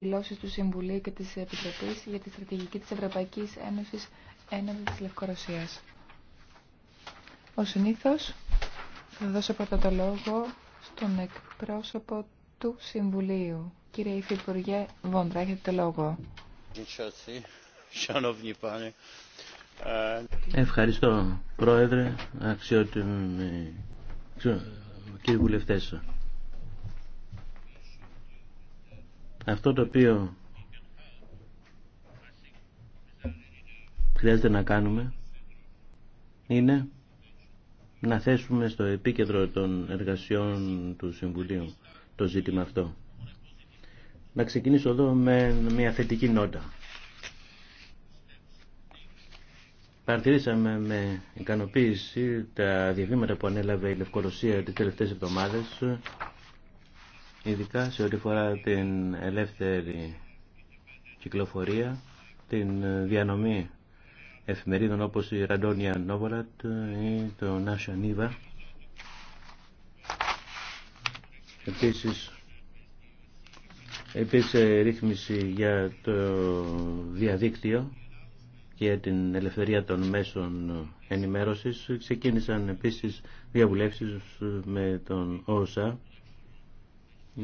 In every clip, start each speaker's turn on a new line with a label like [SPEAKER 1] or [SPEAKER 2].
[SPEAKER 1] δηλώσει του Συμβουλίου και τη Επιτροπή για τη στρατηγική τη Ευρωπαϊκή Ένωση έναντι τη Λευκορωσία. Ω συνήθω, θα δώσω πρώτα το λόγο στον εκπρόσωπο του Συμβουλίου. Κύριε Υφυπουργέ Βόντρα, έχετε το λόγο.
[SPEAKER 2] Ευχαριστώ, Πρόεδρε, αξιότιμοι κύριοι βουλευτές. Αυτό το οποίο χρειάζεται να κάνουμε είναι να θέσουμε στο επίκεντρο των εργασιών του Συμβουλίου το ζήτημα αυτό. Να ξεκινήσω εδώ με μια θετική νότα. Παρατηρήσαμε με ικανοποίηση τα διαβήματα που ανέλαβε η Λευκορωσία τις τελευταίες εβδομάδες ειδικά σε ό,τι φορά την ελεύθερη κυκλοφορία, την διανομή εφημερίδων όπως η Ραντόνια Νόβολατ ή το Νάσια Νίβα. Επίσης, επίσης ρύθμιση για το διαδίκτυο και την ελευθερία των μέσων ενημέρωσης. Ξεκίνησαν επίσης διαβουλεύσεις με τον ΩΣΑ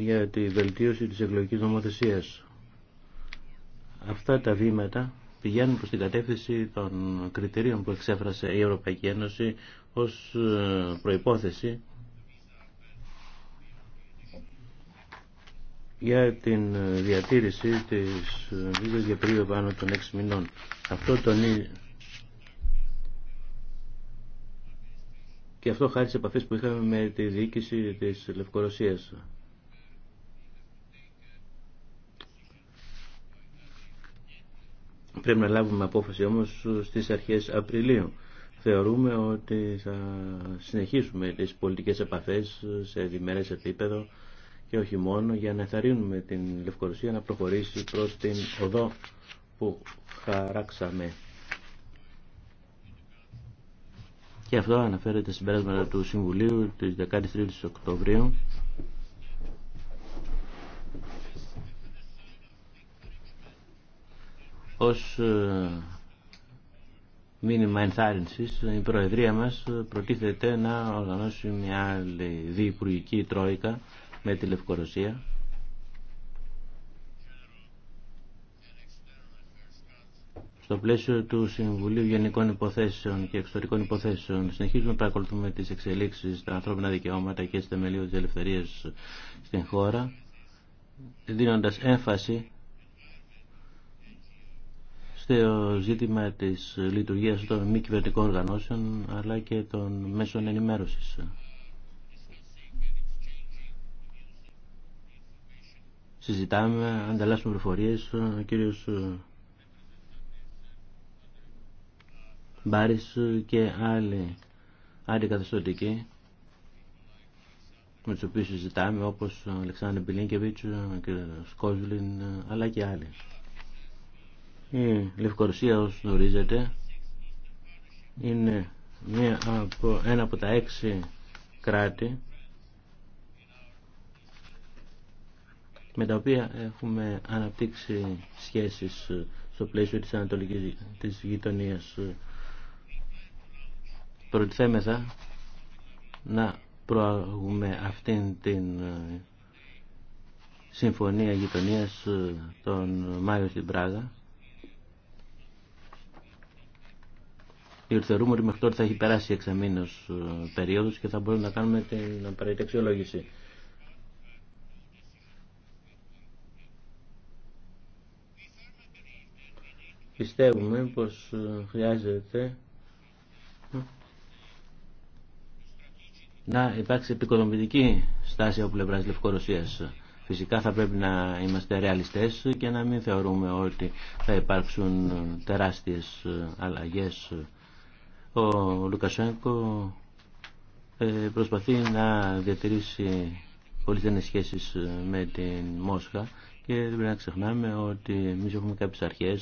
[SPEAKER 2] για τη βελτίωση της εκλογικής νομοθεσίας. Αυτά τα βήματα πηγαίνουν προς την κατεύθυνση των κριτηρίων που εξέφρασε η Ευρωπαϊκή Ένωση ως ε, προϋπόθεση για την ε, διατήρηση της ε, βίζας για περίοδο πάνω των 6 μηνών. Αυτό τον. και αυτό χάρη σε επαφές που είχαμε με τη διοίκηση της Λευκορωσίας. Πρέπει να λάβουμε απόφαση όμως στις αρχές Απριλίου. Θεωρούμε ότι θα συνεχίσουμε τις πολιτικές επαφές σε διμερές επίπεδο και όχι μόνο για να εθαρρύνουμε την Λευκορωσία να προχωρήσει προς την οδό που χαράξαμε. Και αυτό αναφέρεται συμπέρασματα του Συμβουλίου της 13ης Οκτωβρίου Ως ε, μήνυμα ενθάρρυνσης η Προεδρία μας προτίθεται να οργανώσει μια άλλη διυπουργική τρόικα με τη Λευκορωσία στο πλαίσιο του Συμβουλίου Γενικών Υποθέσεων και Εξωτερικών Υποθέσεων συνεχίζουμε να παρακολουθούμε τις εξελίξεις στα ανθρώπινα δικαιώματα και στις της ελευθερίας στην χώρα δίνοντας έμφαση στο ζήτημα της λειτουργίας των μη κυβερνητικών οργανώσεων αλλά και των μέσων ενημέρωσης. Συζητάμε, ανταλλάσσουμε πληροφορίες. Ο κύριος Μπάρι και άλλοι αντικαθεστωτικοί με τους οποίους συζητάμε όπως ο Αλεξάνδρου Μπιλίνκεβιτς, ο κ. Σκόζουλιν αλλά και άλλοι. Η Λευκορωσία όσο γνωρίζετε είναι μία από, ένα από τα έξι κράτη με τα οποία έχουμε αναπτύξει σχέσεις στο πλαίσιο της ανατολικής της γειτονίας προτιθέμεθα να προαγούμε αυτήν την ε, συμφωνία γειτονίας ε, τον Μάιο στην Πράγα θεωρούμε ότι μέχρι τώρα θα έχει περάσει εξαμήνως ε, περίοδος και θα μπορούμε να κάνουμε την απαραίτητη αξιολόγηση. Πιστεύουμε πως ε, χρειάζεται ε, να υπάρξει επικοδομητική στάση από πλευρά Λευκορωσίας. Φυσικά θα πρέπει να είμαστε ρεαλιστές και να μην θεωρούμε ότι θα υπάρξουν τεράστιες αλλαγές ο Λουκασέγκο ε, προσπαθεί να διατηρήσει πολύ στενές σχέσεις ε, με την Μόσχα και δεν πρέπει να ξεχνάμε ότι εμεί έχουμε κάποιε αρχέ.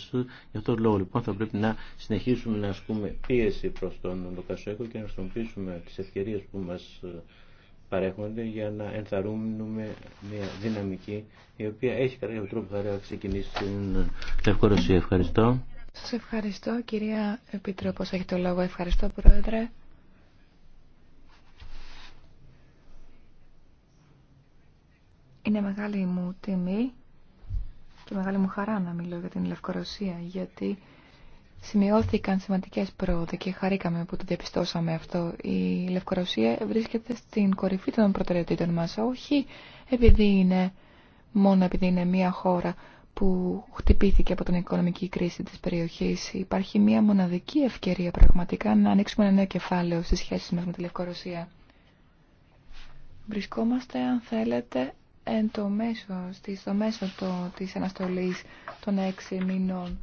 [SPEAKER 2] Γι' αυτόν τον λόγο λοιπόν θα πρέπει να συνεχίσουμε να ασκούμε πίεση προ τον Λουκασέκο και να χρησιμοποιήσουμε τι ευκαιρίε που μα ε, παρέχονται για να ενθαρρύνουμε μια δυναμική η οποία έχει κατά κάποιο τρόπο θα ξεκινήσει στην Λευκορωσία. Ευχαριστώ.
[SPEAKER 1] Σας ευχαριστώ κυρία Επίτροπος, έχει το λόγο. Ευχαριστώ Πρόεδρε. Είναι μεγάλη μου τιμή και μεγάλη μου χαρά να μιλώ για την Λευκορωσία, γιατί σημειώθηκαν σημαντικές πρόοδοι και χαρήκαμε που το διαπιστώσαμε αυτό. Η Λευκορωσία βρίσκεται στην κορυφή των προτεραιοτήτων μας, όχι επειδή είναι μόνο επειδή είναι μια χώρα που χτυπήθηκε από την οικονομική κρίση της περιοχής. Υπάρχει μια μοναδική ευκαιρία πραγματικά να ανοίξουμε ένα νέο κεφάλαιο στις σχέσεις μας με τη Λευκορωσία. Βρισκόμαστε, αν θέλετε, εν το μέσο, στο μέσο το, της αναστολής των έξι μηνών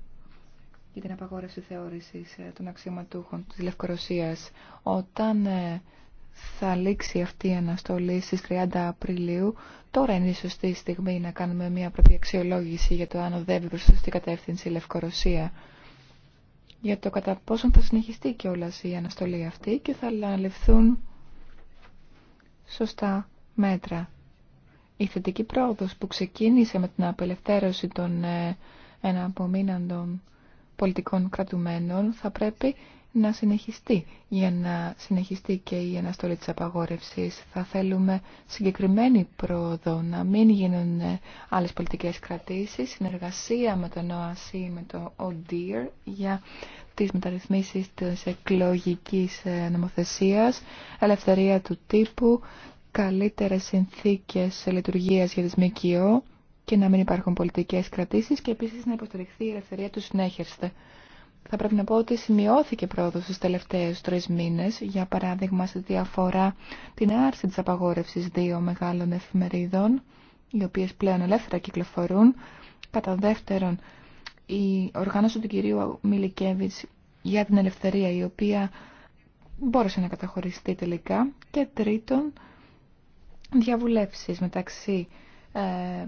[SPEAKER 1] για την απαγόρευση θεώρησης ε, των αξιωματούχων της Λευκορωσίας. Όταν ε, θα λήξει αυτή η αναστολή στις 30 Απριλίου. Τώρα είναι η σωστή στιγμή να κάνουμε μια πρώτη αξιολόγηση για το αν οδεύει προς σωστή κατεύθυνση η Λευκορωσία. Για το κατά πόσον θα συνεχιστεί κιόλα η αναστολή αυτή και θα αναλυφθούν σωστά μέτρα. Η θετική πρόοδος που ξεκίνησε με την απελευθέρωση των ε, εναπομείναντων πολιτικών κρατουμένων θα πρέπει να συνεχιστεί για να συνεχιστεί και η αναστολή της απαγόρευσης. Θα θέλουμε συγκεκριμένη πρόοδο να μην γίνουν άλλες πολιτικές κρατήσεις, συνεργασία με τον ΟΑΣΥ, με το ΟΔΙΡ για τις μεταρρυθμίσεις της εκλογικής νομοθεσίας, ελευθερία του τύπου, καλύτερες συνθήκες λειτουργίας για τις ΜΚΟ και να μην υπάρχουν πολιτικές κρατήσεις και επίσης να υποστηριχθεί η ελευθερία του θα πρέπει να πω ότι σημειώθηκε πρόοδος στους τελευταίες τρεις μήνες, για παράδειγμα σε διαφορά την άρση της απαγόρευσης δύο μεγάλων εφημερίδων, οι οποίες πλέον ελεύθερα κυκλοφορούν. Κατά δεύτερον, η οργάνωση του κυρίου Μιλικέβιτς για την ελευθερία, η οποία μπόρεσε να καταχωριστεί τελικά. Και τρίτον, διαβουλεύσεις μεταξύ ε,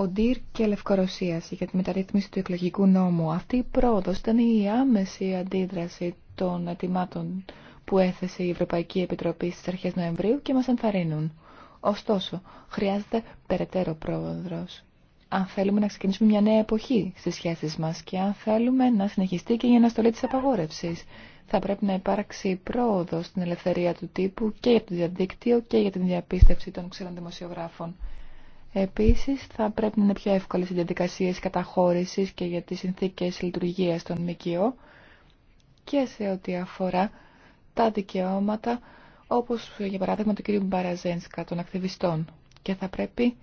[SPEAKER 1] Οντύρ και Λευκορωσίας για τη μεταρρύθμιση του εκλογικού νόμου. Αυτή η πρόοδος ήταν η άμεση αντίδραση των ετοιμάτων που έθεσε η Ευρωπαϊκή Επιτροπή στις αρχές Νοεμβρίου και μας ενθαρρύνουν. Ωστόσο, χρειάζεται περαιτέρω πρόοδος. Αν θέλουμε να ξεκινήσουμε μια νέα εποχή στις σχέσεις μας και αν θέλουμε να συνεχιστεί και η αναστολή της απαγόρευσης, θα πρέπει να υπάρξει πρόοδο στην ελευθερία του τύπου και για το διαδίκτυο και για την διαπίστευση των ξένων δημοσιογράφων. Επίσης, θα πρέπει να είναι πιο εύκολες οι διαδικασίες καταχώρησης και για τις συνθήκες λειτουργίας των ΜΚΟ και σε ό,τι αφορά τα δικαιώματα, όπως για παράδειγμα του κ. Μπαραζένσκα, των ακτιβιστών. Και θα πρέπει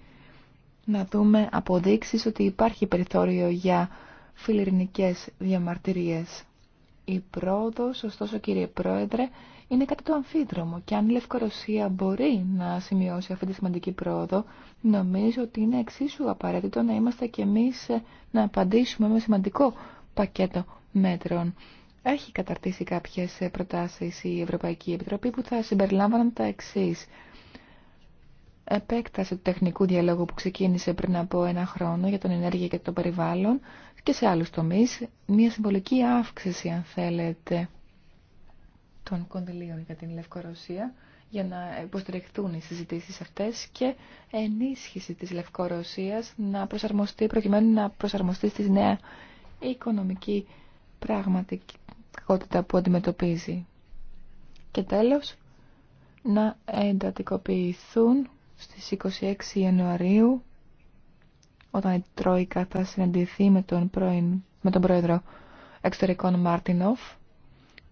[SPEAKER 1] να δούμε αποδείξεις ότι υπάρχει περιθώριο για φιλιρινικές διαμαρτυρίες. Η πρόοδος, ωστόσο κύριε Πρόεδρε, είναι κάτι το αμφίδρομο και αν η Λευκορωσία μπορεί να σημειώσει αυτή τη σημαντική πρόοδο, νομίζω ότι είναι εξίσου απαραίτητο να είμαστε κι εμείς ε, να απαντήσουμε με σημαντικό πακέτο μέτρων. Έχει καταρτήσει κάποιες ε, προτάσεις η Ευρωπαϊκή Επιτροπή που θα συμπεριλάμβαναν τα εξής επέκταση του τεχνικού διαλόγου που ξεκίνησε πριν από ένα χρόνο για τον ενέργεια και το περιβάλλον και σε άλλους τομείς, μια συμβολική αύξηση αν θέλετε των κονδυλίων για την Λευκορωσία για να υποστηριχθούν οι συζητήσεις αυτές και ενίσχυση της Λευκορωσίας να προσαρμοστεί, προκειμένου να προσαρμοστεί στη νέα οικονομική πραγματικότητα που αντιμετωπίζει. Και τέλος, να εντατικοποιηθούν στις 26 Ιανουαρίου όταν η Τρόικα θα συναντηθεί με τον, με τον πρόεδρο εξωτερικών Μάρτινοφ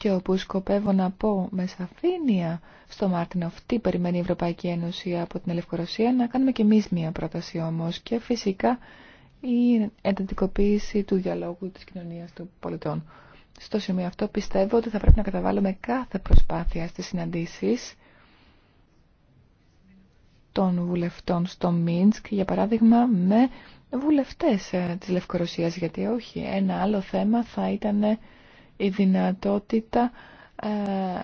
[SPEAKER 1] και όπου σκοπεύω να πω με σαφήνεια στο Μάρτιν τι περιμένει η Ευρωπαϊκή Ένωση από την Ελευκορωσία, να κάνουμε και εμείς μία πρόταση όμως και φυσικά η εντατικοποίηση του διαλόγου της κοινωνίας των πολιτών. Στο σημείο αυτό πιστεύω ότι θα πρέπει να καταβάλουμε κάθε προσπάθεια στις συναντήσεις των βουλευτών στο Μίνσκ, για παράδειγμα με βουλευτές ε, της Λευκορωσίας, γιατί όχι, ένα άλλο θέμα θα ήταν η δυνατότητα ε,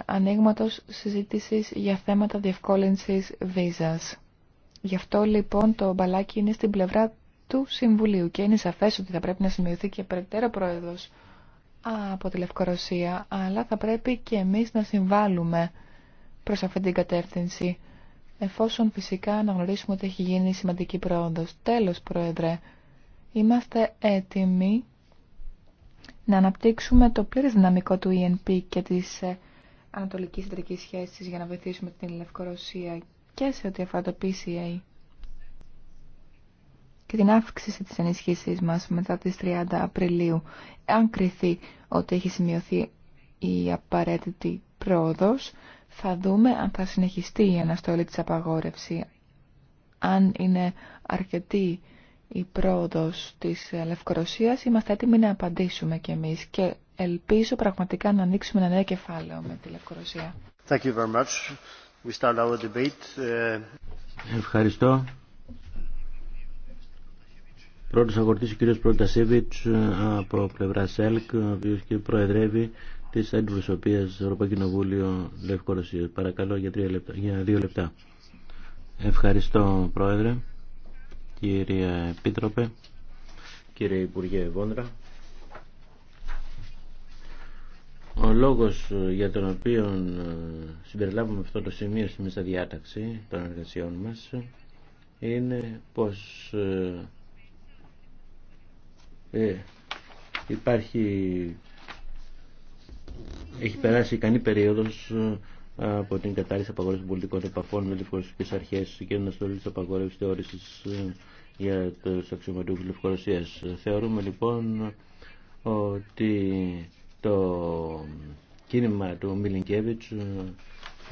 [SPEAKER 1] ανοίγματος συζήτησης για θέματα διευκόλυνσης βίζας. Γι' αυτό λοιπόν το μπαλάκι είναι στην πλευρά του Συμβουλίου και είναι σαφές ότι θα πρέπει να σημειωθεί και περαιτέρω πρόεδρος από τη Λευκορωσία, αλλά θα πρέπει και εμείς να συμβάλλουμε προς αυτή την κατεύθυνση, εφόσον φυσικά αναγνωρίσουμε ότι έχει γίνει σημαντική πρόοδος. Τέλος, Πρόεδρε, είμαστε έτοιμοι να αναπτύξουμε το πλήρες δυναμικό του ENP και της ε, Ανατολικής εταιρικής Σχέσης για να βοηθήσουμε την Λευκορωσία και σε ό,τι αφορά το PCA και την αύξηση της ενισχύσης μας μετά τις 30 Απριλίου, αν κριθεί ότι έχει σημειωθεί η απαραίτητη πρόοδος, θα δούμε αν θα συνεχιστεί η αναστολή της απαγόρευση, αν είναι αρκετή η πρόοδος της Λευκορωσίας, είμαστε έτοιμοι να απαντήσουμε κι εμείς και ελπίζω πραγματικά να ανοίξουμε ένα νέο κεφάλαιο με τη Λευκορωσία.
[SPEAKER 3] Thank you very much. We start our debate.
[SPEAKER 2] Uh, Ευχαριστώ. Πρώτος αγορτής ο κύριος Προτασίβιτς ε, από πλευρά ΣΕΛΚ, ο οποίος και προεδρεύει της Αντιπροσωπείας Ευρωπαϊκό Κοινοβούλιο Λευκορωσίας. Παρακαλώ για, λεπτά, για δύο λεπτά. Ευχαριστώ Πρόεδρε κύριε Επίτροπε, κύριε Υπουργέ Βόντρα. Ο λόγος για τον οποίο ε, συμπεριλάβουμε αυτό το σημείο στη μέσα διάταξη των εργασιών μας είναι πως ε, ε υπάρχει έχει περάσει ικανή περίοδος ε, από την κατάρρηση απαγόρευση πολιτικών επαφών με λευκορωσικέ αρχέ και αστολή τη απαγόρευση θεώρηση ε, για του αξιωματούχου Θεωρούμε λοιπόν ότι το κίνημα του Μιλινκέβιτ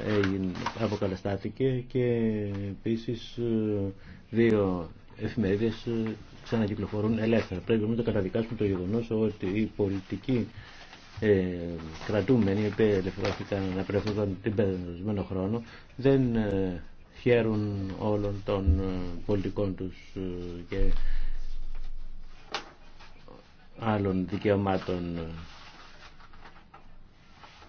[SPEAKER 2] ε, αποκαταστάθηκε και επίση ε, δύο εφημερίδε ξανακυκλοφορούν ελεύθερα. Πρέπει να το καταδικάσουμε το γεγονό ότι η πολιτική ε, κρατούμενοι, οι οποίοι ελευθερώθηκαν να πρεθούν την περασμένο χρόνο, δεν ε, χαίρουν όλων των ε, πολιτικών τους ε, και άλλων δικαιωμάτων ε,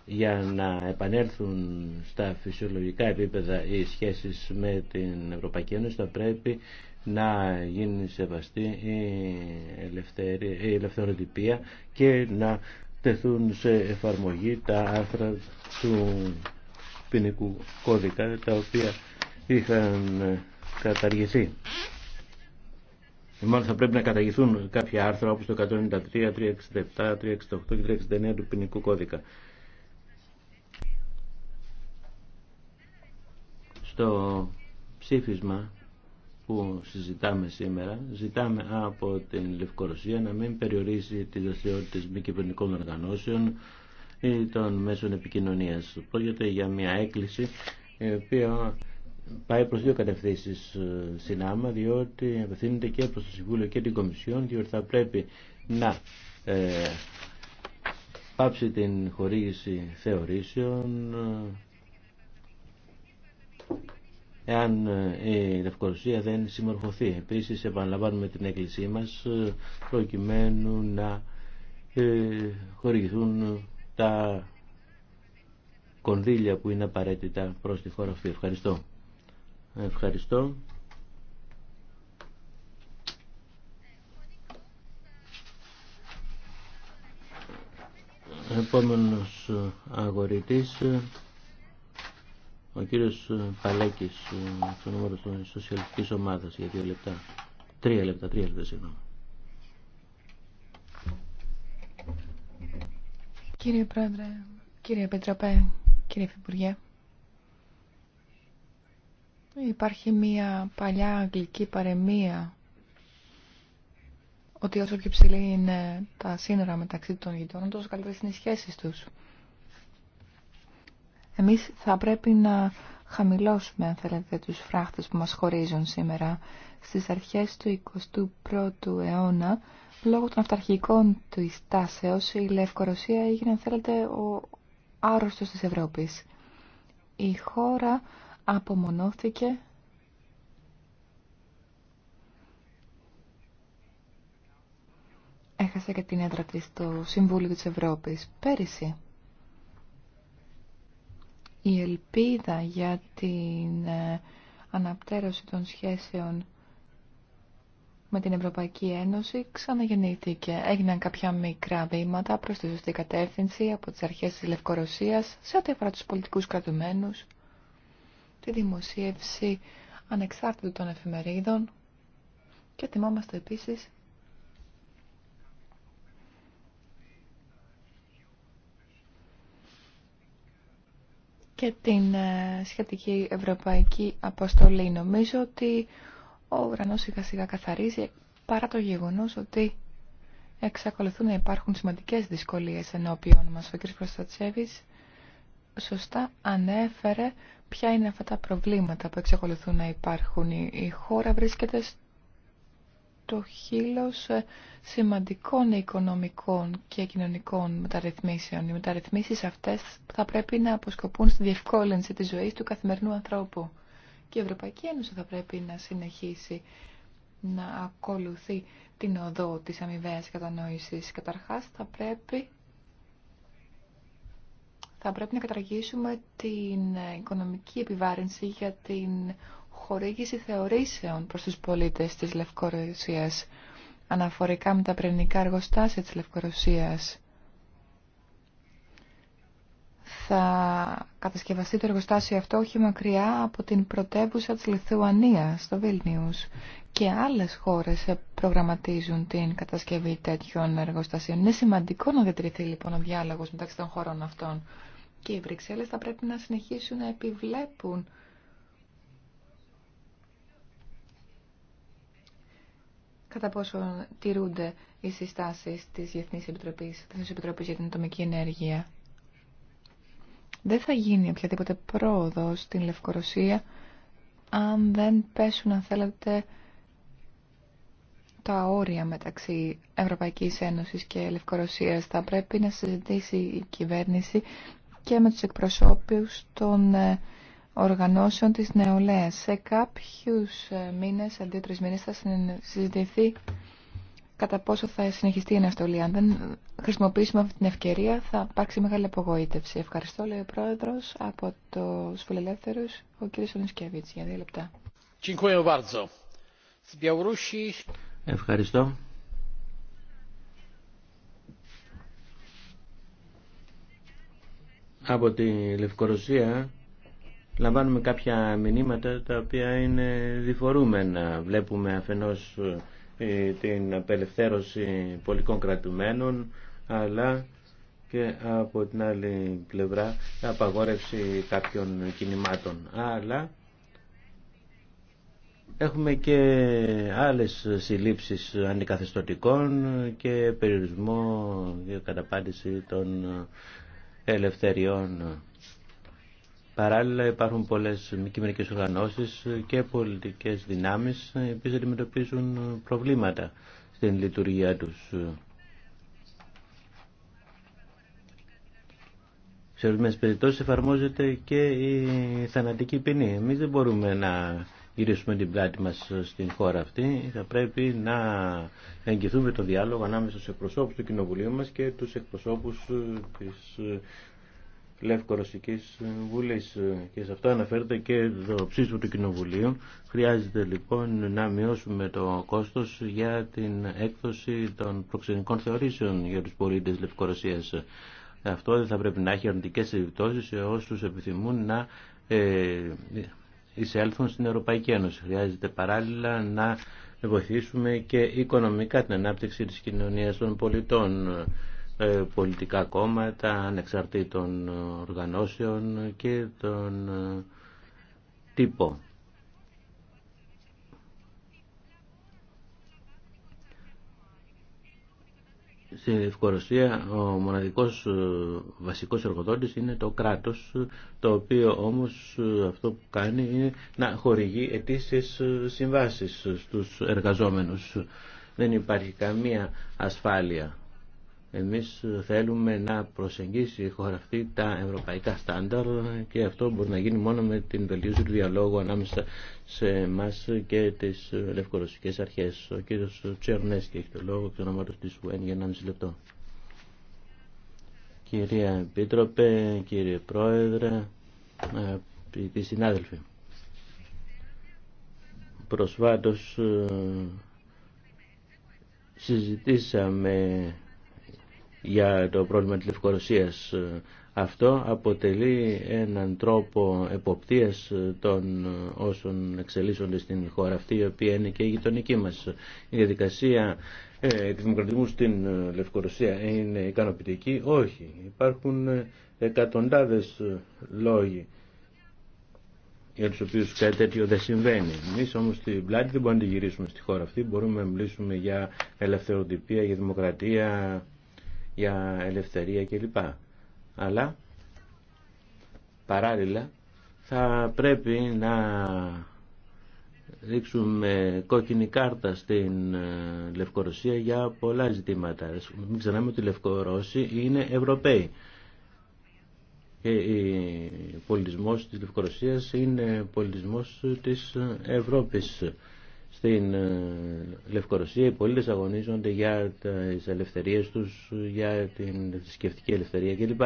[SPEAKER 2] για να επανέλθουν στα φυσιολογικά επίπεδα οι σχέσεις με την Ευρωπαϊκή Ένωση θα πρέπει να γίνει σεβαστή η ελευθεροτυπία και να τεθούν σε εφαρμογή τα άρθρα του ποινικού κώδικα τα οποία είχαν καταργηθεί. Μάλλον θα πρέπει να καταργηθούν κάποια άρθρα όπως το 193, 367, 368 και 369 του ποινικού κώδικα. Στο ψήφισμα που συζητάμε σήμερα, ζητάμε από την Λευκορωσία να μην περιορίσει τις δραστηριότητες μη κυβερνικών οργανώσεων ή των μέσων επικοινωνίας. Πρόκειται για μια έκκληση η οποία πάει προς δύο κατευθύνσεις ε, συνάμα, διότι απευθύνεται και προς το Συμβούλιο και την Κομισιόν, διότι θα πρέπει να ε, πάψει την χορήγηση θεωρήσεων ε, εάν ε, η Λευκορωσία δεν συμμορφωθεί. Επίσης επαναλαμβάνουμε την έκκλησή μας ε, προκειμένου να ε, χορηγηθούν τα κονδύλια που είναι απαραίτητα προς τη χώρα αυτή. Ευχαριστώ. Ευχαριστώ. Επόμενος αγορητής ο κύριος ε, Παλέκης, ε, του των Σοσιαλιστικής Ομάδας, για δύο λεπτά. Τρία λεπτά, τρία λεπτά, συγγνώμη.
[SPEAKER 1] Κύριε Πρόεδρε, κύριε Επιτροπέ, κύριε Φιμπουργέ, υπάρχει μία παλιά αγγλική παρεμία ότι όσο πιο ψηλή είναι τα σύνορα μεταξύ των γειτόνων, τόσο καλύτερες είναι οι σχέσεις τους. Εμείς θα πρέπει να χαμηλώσουμε, αν θέλετε, τους φράχτες που μας χωρίζουν σήμερα στις αρχές του 21ου αιώνα. Λόγω των αυταρχικών του τάσεως, η Λευκορωσία έγινε, αν θέλετε, ο άρρωστος της Ευρώπης. Η χώρα απομονώθηκε έχασε και την έδρα της στο Συμβούλιο της Ευρώπης πέρυσι η ελπίδα για την ε, αναπτέρωση των σχέσεων με την Ευρωπαϊκή Ένωση ξαναγεννήθηκε. Έγιναν κάποια μικρά βήματα προς τη σωστή κατεύθυνση από τις αρχές της Λευκορωσίας σε ό,τι αφορά τους πολιτικούς κρατουμένους, τη δημοσίευση ανεξάρτητου των εφημερίδων και θυμόμαστε επίσης και την ε, σχετική ευρωπαϊκή αποστολή. Νομίζω ότι ο ουρανός σιγά σιγά καθαρίζει παρά το γεγονός ότι εξακολουθούν να υπάρχουν σημαντικές δυσκολίες ενώπιον μας. Ο κ. Προστατσέβης σωστά ανέφερε ποια είναι αυτά τα προβλήματα που εξακολουθούν να υπάρχουν. Η χώρα βρίσκεται το χείλος ε, σημαντικών οικονομικών και κοινωνικών μεταρρυθμίσεων. Οι μεταρρυθμίσεις αυτές θα πρέπει να αποσκοπούν στη διευκόλυνση της ζωής του καθημερινού ανθρώπου. Και η Ευρωπαϊκή Ένωση θα πρέπει να συνεχίσει να ακολουθεί την οδό της αμοιβαίας κατανόησης. Καταρχάς θα πρέπει θα πρέπει να καταργήσουμε την οικονομική επιβάρυνση για την χορήγηση θεωρήσεων προς τους πολίτες της Λευκορωσίας αναφορικά με τα πρινικά εργοστάσια της Λευκορωσίας. Θα κατασκευαστεί το εργοστάσιο αυτό όχι μακριά από την πρωτεύουσα της Λιθουανίας, στο Βίλνιους. Και άλλες χώρες προγραμματίζουν την κατασκευή τέτοιων εργοστασίων. Είναι σημαντικό να διατηρηθεί λοιπόν ο διάλογος μεταξύ των χωρών αυτών. Και οι Βρυξέλλες θα πρέπει να συνεχίσουν να επιβλέπουν κατά πόσο τηρούνται οι συστάσεις της Διεθνής Επιτροπής, της Επιτροπής για την Ατομική Ενέργεια. Δεν θα γίνει οποιαδήποτε πρόοδο στην Λευκορωσία αν δεν πέσουν, αν θέλετε, τα όρια μεταξύ Ευρωπαϊκής Ένωσης και Λευκορωσίας. Θα πρέπει να συζητήσει η κυβέρνηση και με τους εκπροσώπους των ε, οργανώσεων της νεολαίας. Σε κάποιους ε, μήνες, αντί τρεις μήνες, θα συζητηθεί κατά πόσο θα συνεχιστεί η αναστολή. Αν δεν χρησιμοποιήσουμε αυτή την ευκαιρία, θα υπάρξει μεγάλη απογοήτευση. Ευχαριστώ, λέει ο Πρόεδρος, από το φιλελεύθερους, ο κ. Σονισκεβίτς, για δύο λεπτά.
[SPEAKER 2] Ευχαριστώ. Από τη Λευκορωσία λαμβάνουμε κάποια μηνύματα τα οποία είναι διφορούμενα. Βλέπουμε αφενός ε, την απελευθέρωση πολικών κρατουμένων, αλλά και από την άλλη πλευρά απαγόρευση κάποιων κινημάτων. Αλλά έχουμε και άλλες συλλήψεις αντικαθεστωτικών και περιορισμό για καταπάντηση των ελευθεριών Παράλληλα υπάρχουν πολλές κειμενικές οργανώσεις και πολιτικές δυνάμεις οι οποίες αντιμετωπίζουν προβλήματα στην λειτουργία τους. Σε ορισμένες περιπτώσει εφαρμόζεται και η θανατική ποινή. Εμεί δεν μπορούμε να γυρίσουμε την πλάτη μας στην χώρα αυτή. Θα πρέπει να εγγυθούμε το διάλογο ανάμεσα στου εκπροσώπους του Κοινοβουλίου μας και του εκπροσώπου τη Λευκορωσικής Βουλής και σε αυτό αναφέρεται και το ψήφισμα του Κοινοβουλίου. Χρειάζεται λοιπόν να μειώσουμε το κόστος για την έκδοση των προξενικών θεωρήσεων για τους πολίτες Λευκορωσίας. Αυτό δεν θα πρέπει να έχει αρνητικέ επιπτώσει σε όσους επιθυμούν να ε, εισέλθουν στην Ευρωπαϊκή Ένωση. Χρειάζεται παράλληλα να βοηθήσουμε και οικονομικά την ανάπτυξη της κοινωνίας των πολιτών. Ε, πολιτικά κόμματα, ανεξαρτήτων οργανώσεων και τον ε, τύπο. Στην Ευκορωσία ο μοναδικός ε, βασικός εργοδότης είναι το κράτος, το οποίο όμως αυτό που κάνει είναι να χορηγεί αιτήσεις συμβάσεις στους εργαζόμενους. Δεν υπάρχει καμία ασφάλεια εμείς θέλουμε να προσεγγίσει η χώρα αυτή τα ευρωπαϊκά στάνταρ και αυτό μπορεί να γίνει μόνο με την βελτίωση του διαλόγου ανάμεσα σε εμά και τις λευκορωσικές αρχές. Ο κύριος Τσέρνες και έχει το λόγο ο της ΟΕΝ για 1,5 λεπτό. Κυρία Επίτροπε, κύριε Πρόεδρε, αγαπητοί συνάδελφοι. Προσβάτως ε, συζητήσαμε για το πρόβλημα της Λευκορωσίας. Αυτό αποτελεί έναν τρόπο εποπτείας των όσων εξελίσσονται στην χώρα αυτή, η οποία είναι και η γειτονική μας. Η διαδικασία ε, δημοκρατισμού στην Λευκορωσία είναι ικανοποιητική. Όχι. Υπάρχουν εκατοντάδες λόγοι για τους οποίους κάτι τέτοιο δεν συμβαίνει. Εμεί όμως την πλάτη δεν μπορούμε να τη γυρίσουμε στη χώρα αυτή. Μπορούμε να μιλήσουμε για ελευθεροτυπία, για δημοκρατία, για ελευθερία κλπ. Αλλά παράλληλα θα πρέπει να ρίξουμε κόκκινη κάρτα στην ε, Λευκορωσία για πολλά ζητήματα. Μην ξεχνάμε ότι οι Λευκορώσοι είναι Ευρωπαίοι. Και ο πολιτισμός της Λευκορωσίας είναι πολιτισμός της Ευρώπης. Στην ε, Λευκορωσία οι πολίτες αγωνίζονται για τις ελευθερίες τους, για την θρησκευτική ελευθερία κλπ.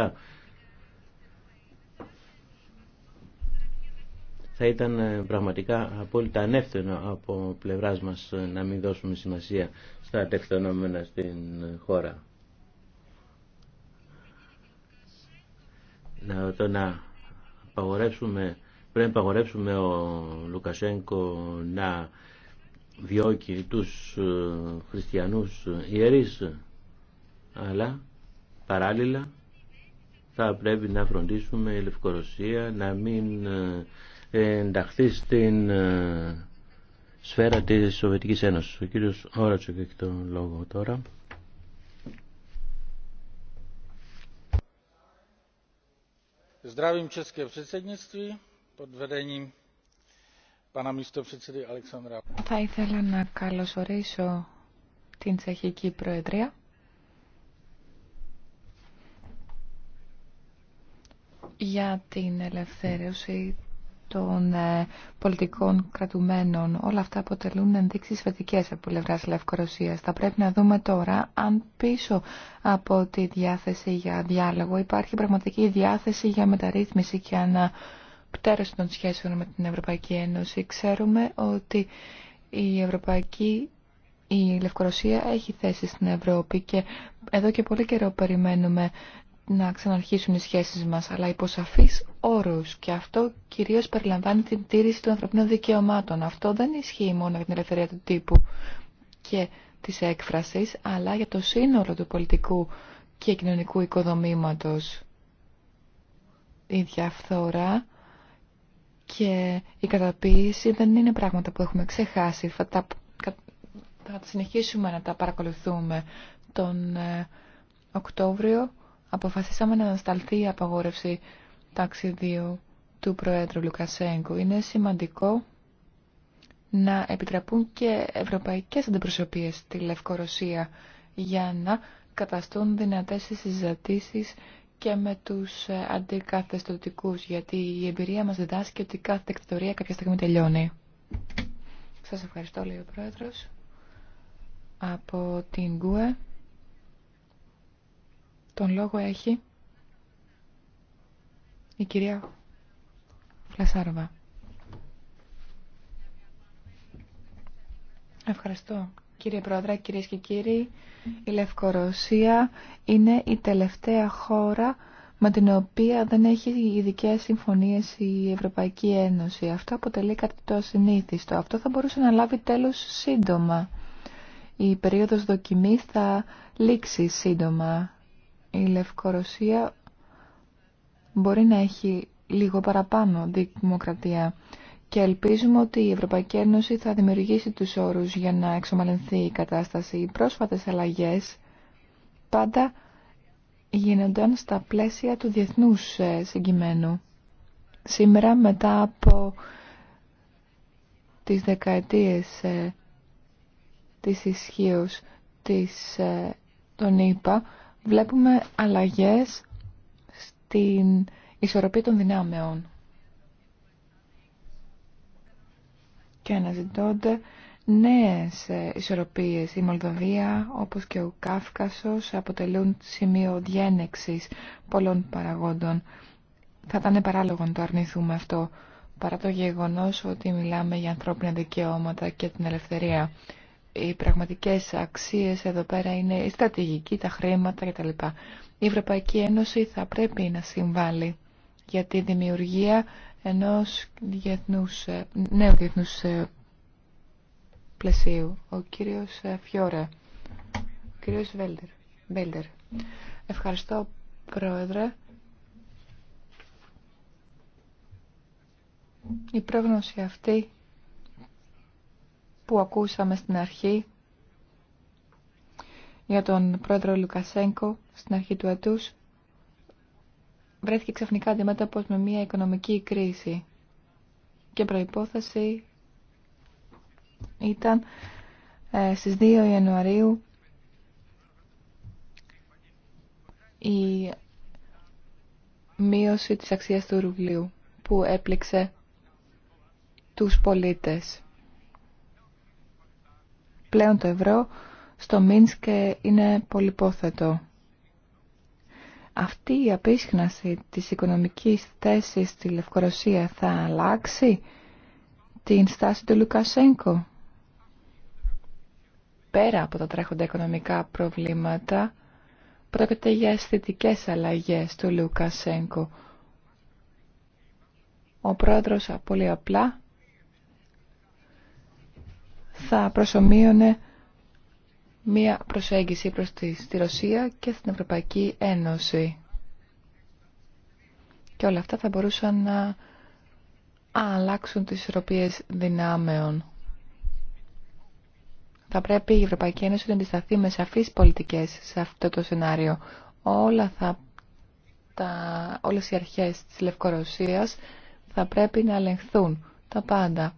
[SPEAKER 2] θα ήταν ε, πραγματικά απόλυτα ανεύθυνο από πλευράς μας ε, να μην δώσουμε σημασία στα τεκτονόμενα στην χώρα. Να, το να πρέπει να απαγορεύσουμε ο Λουκασέγκο να διώκει τους ε, χριστιανούς ε, ιερείς αλλά παράλληλα θα πρέπει να φροντίσουμε η Λευκορωσία να μην ε, ενταχθεί στην σφαίρα της Σοβιετικής Ένωσης. Ο κύριος Όρατσοκ έχει τον λόγο τώρα. Zdravím české předsednictví pod vedením
[SPEAKER 1] θα ήθελα να καλωσορίσω την Τσεχική Προεδρία. για την ελευθέρωση των ε, πολιτικών κρατουμένων. Όλα αυτά αποτελούν ενδείξεις θετικέ από πλευρά Λευκορωσίας. Θα πρέπει να δούμε τώρα αν πίσω από τη διάθεση για διάλογο υπάρχει πραγματική διάθεση για μεταρρύθμιση και ανα κλειτέρωση των σχέσεων με την Ευρωπαϊκή Ένωση. Ξέρουμε ότι η Ευρωπαϊκή η Λευκορωσία έχει θέση στην Ευρώπη και εδώ και πολύ καιρό περιμένουμε να ξαναρχίσουν οι σχέσεις μας, αλλά υπό σαφείς όρους και αυτό κυρίως περιλαμβάνει την τήρηση των ανθρωπίνων δικαιωμάτων. Αυτό δεν ισχύει μόνο για την ελευθερία του τύπου και της έκφρασης, αλλά για το σύνολο του πολιτικού και κοινωνικού οικοδομήματος. Η διαφθορά και η καταποίηση δεν είναι πράγματα που έχουμε ξεχάσει. Θα τα συνεχίσουμε να τα παρακολουθούμε. Τον ε, Οκτώβριο αποφασίσαμε να ανασταλθεί η απαγόρευση ταξιδίου του Προέδρου Λουκασέγκου. Είναι σημαντικό να επιτραπούν και ευρωπαϊκές αντιπροσωπείες στη Λευκορωσία για να καταστούν δυνατές οι συζητήσεις και με τους ε, αντικαθεστωτικούς, γιατί η εμπειρία μας διδάσκει ότι κάθε δικτατορία κάποια στιγμή τελειώνει. Σας ευχαριστώ, λέει ο Πρόεδρος. Από την ΚΟΕ, τον λόγο έχει η κυρία Φλασάρβα. Ευχαριστώ, κύριε Πρόεδρε, κυρίες και κύριοι. Η Λευκορωσία είναι η τελευταία χώρα με την οποία δεν έχει ειδικέ συμφωνίες η Ευρωπαϊκή Ένωση. Αυτό αποτελεί κάτι το ασυνήθιστο. Αυτό θα μπορούσε να λάβει τέλος σύντομα. Η περίοδος δοκιμής θα λήξει σύντομα. Η Λευκορωσία μπορεί να έχει λίγο παραπάνω δημοκρατία και ελπίζουμε ότι η Ευρωπαϊκή Ένωση θα δημιουργήσει τους όρους για να εξομαλυνθεί η κατάσταση. Οι πρόσφατες αλλαγές πάντα γίνονταν στα πλαίσια του διεθνούς ε, συγκειμένου. Σήμερα μετά από τις δεκαετίες ε, της ισχύω της, ε, των ΗΠΑ βλέπουμε αλλαγές στην ισορροπία των δυνάμεων. και αναζητώνται νέες ε, ισορροπίες. Η Μολδοβία, όπως και ο Κάφκασος, αποτελούν σημείο διένεξης πολλών παραγόντων. Θα ήταν παράλογο να το αρνηθούμε αυτό, παρά το γεγονός ότι μιλάμε για ανθρώπινα δικαιώματα και την ελευθερία. Οι πραγματικές αξίες εδώ πέρα είναι η στρατηγική, τα χρήματα κτλ. Η Ευρωπαϊκή Ένωση θα πρέπει να συμβάλλει για τη δημιουργία ενός διεθνούς, ε, νέου διεθνούς ε, πλαισίου. Ο κύριος ε, Φιόρε, ο κύριος Βέλτερ. Βέλτερ, Ευχαριστώ, Πρόεδρε. Η πρόγνωση αυτή που ακούσαμε στην αρχή για τον πρόεδρο Λουκασέγκο στην αρχή του έτους βρέθηκε ξαφνικά αντιμέτωπο με μια οικονομική κρίση και προϋπόθεση ήταν ε, στις 2 Ιανουαρίου η μείωση της αξίας του ρουβλίου που έπληξε τους πολίτες. Πλέον το ευρώ στο Μίνσκ είναι πολυπόθετο. Αυτή η απίσχναση της οικονομικής θέσης στη Λευκορωσία θα αλλάξει την στάση του Λουκασέγκο. Πέρα από τα τρέχοντα οικονομικά προβλήματα, πρόκειται για αισθητικέ αλλαγές του Λουκασέγκο. Ο πρόεδρος πολύ απλά θα προσωμείωνε μία προσέγγιση προς τη, στη Ρωσία και στην Ευρωπαϊκή Ένωση. Και όλα αυτά θα μπορούσαν να αλλάξουν τις ισορροπίες δυνάμεων. Θα πρέπει η Ευρωπαϊκή Ένωση να αντισταθεί με σαφείς πολιτικές σε αυτό το σενάριο. Όλα θα, τα, όλες οι αρχές της Λευκορωσίας θα πρέπει να ελεγχθούν τα πάντα.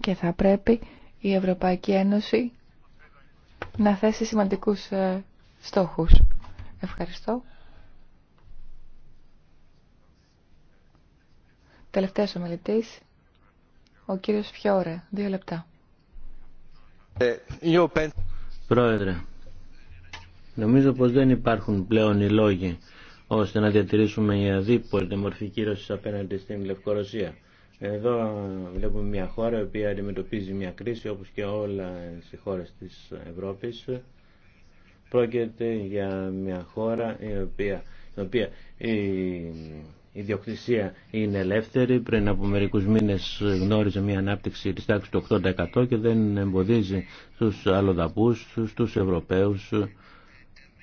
[SPEAKER 1] Και θα πρέπει η Ευρωπαϊκή Ένωση να θέσει σημαντικούς ε, στόχους. Ευχαριστώ. Τελευταίος ομιλητής, ο κύριος Φιόρε. Δύο λεπτά.
[SPEAKER 2] Ε, Πρόεδρε, νομίζω πως δεν υπάρχουν πλέον οι λόγοι ώστε να διατηρήσουμε η αδίποτε μορφή κύρωσης απέναντι στην Λευκορωσία. Εδώ βλέπουμε μια χώρα η οποία αντιμετωπίζει μια κρίση όπως και όλα οι χώρες της Ευρώπης. Πρόκειται για μια χώρα η οποία, η οποία η, είναι ελεύθερη. Πριν από μερικούς μήνες γνώριζε μια ανάπτυξη της τάξης του 80% και δεν εμποδίζει τους αλλοδαπούς, τους Ευρωπαίους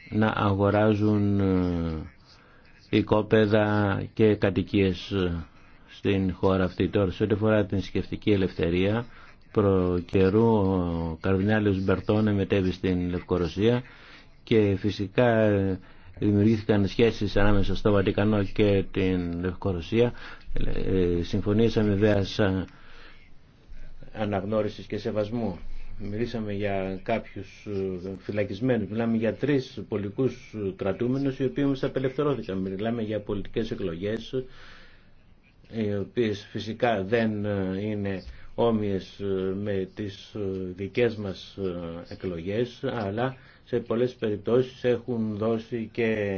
[SPEAKER 2] να αγοράζουν οικόπεδα και κατοικίες στην χώρα αυτή. Τώρα, σε ό,τι αφορά την σκεφτική ελευθερία, προ καιρού ο Καρδινάλιος Μπερτώνε μετέβη στην Λευκορωσία και φυσικά δημιουργήθηκαν σχέσεις ανάμεσα στο Βατικανό και την Λευκορωσία. Ε, συμφωνήσαμε σαν αναγνώρισης και σεβασμού. Μιλήσαμε για κάποιους ε, φυλακισμένους, μιλάμε για τρεις πολιτικούς ε, κρατούμενους οι οποίοι όμως απελευθερώθηκαν. Μιλάμε για πολιτικές εκλογές οι οποίες φυσικά δεν ε, είναι όμοιες ε, με τις ε, δικές μας εκλογές, αλλά σε πολλές περιπτώσεις έχουν δώσει και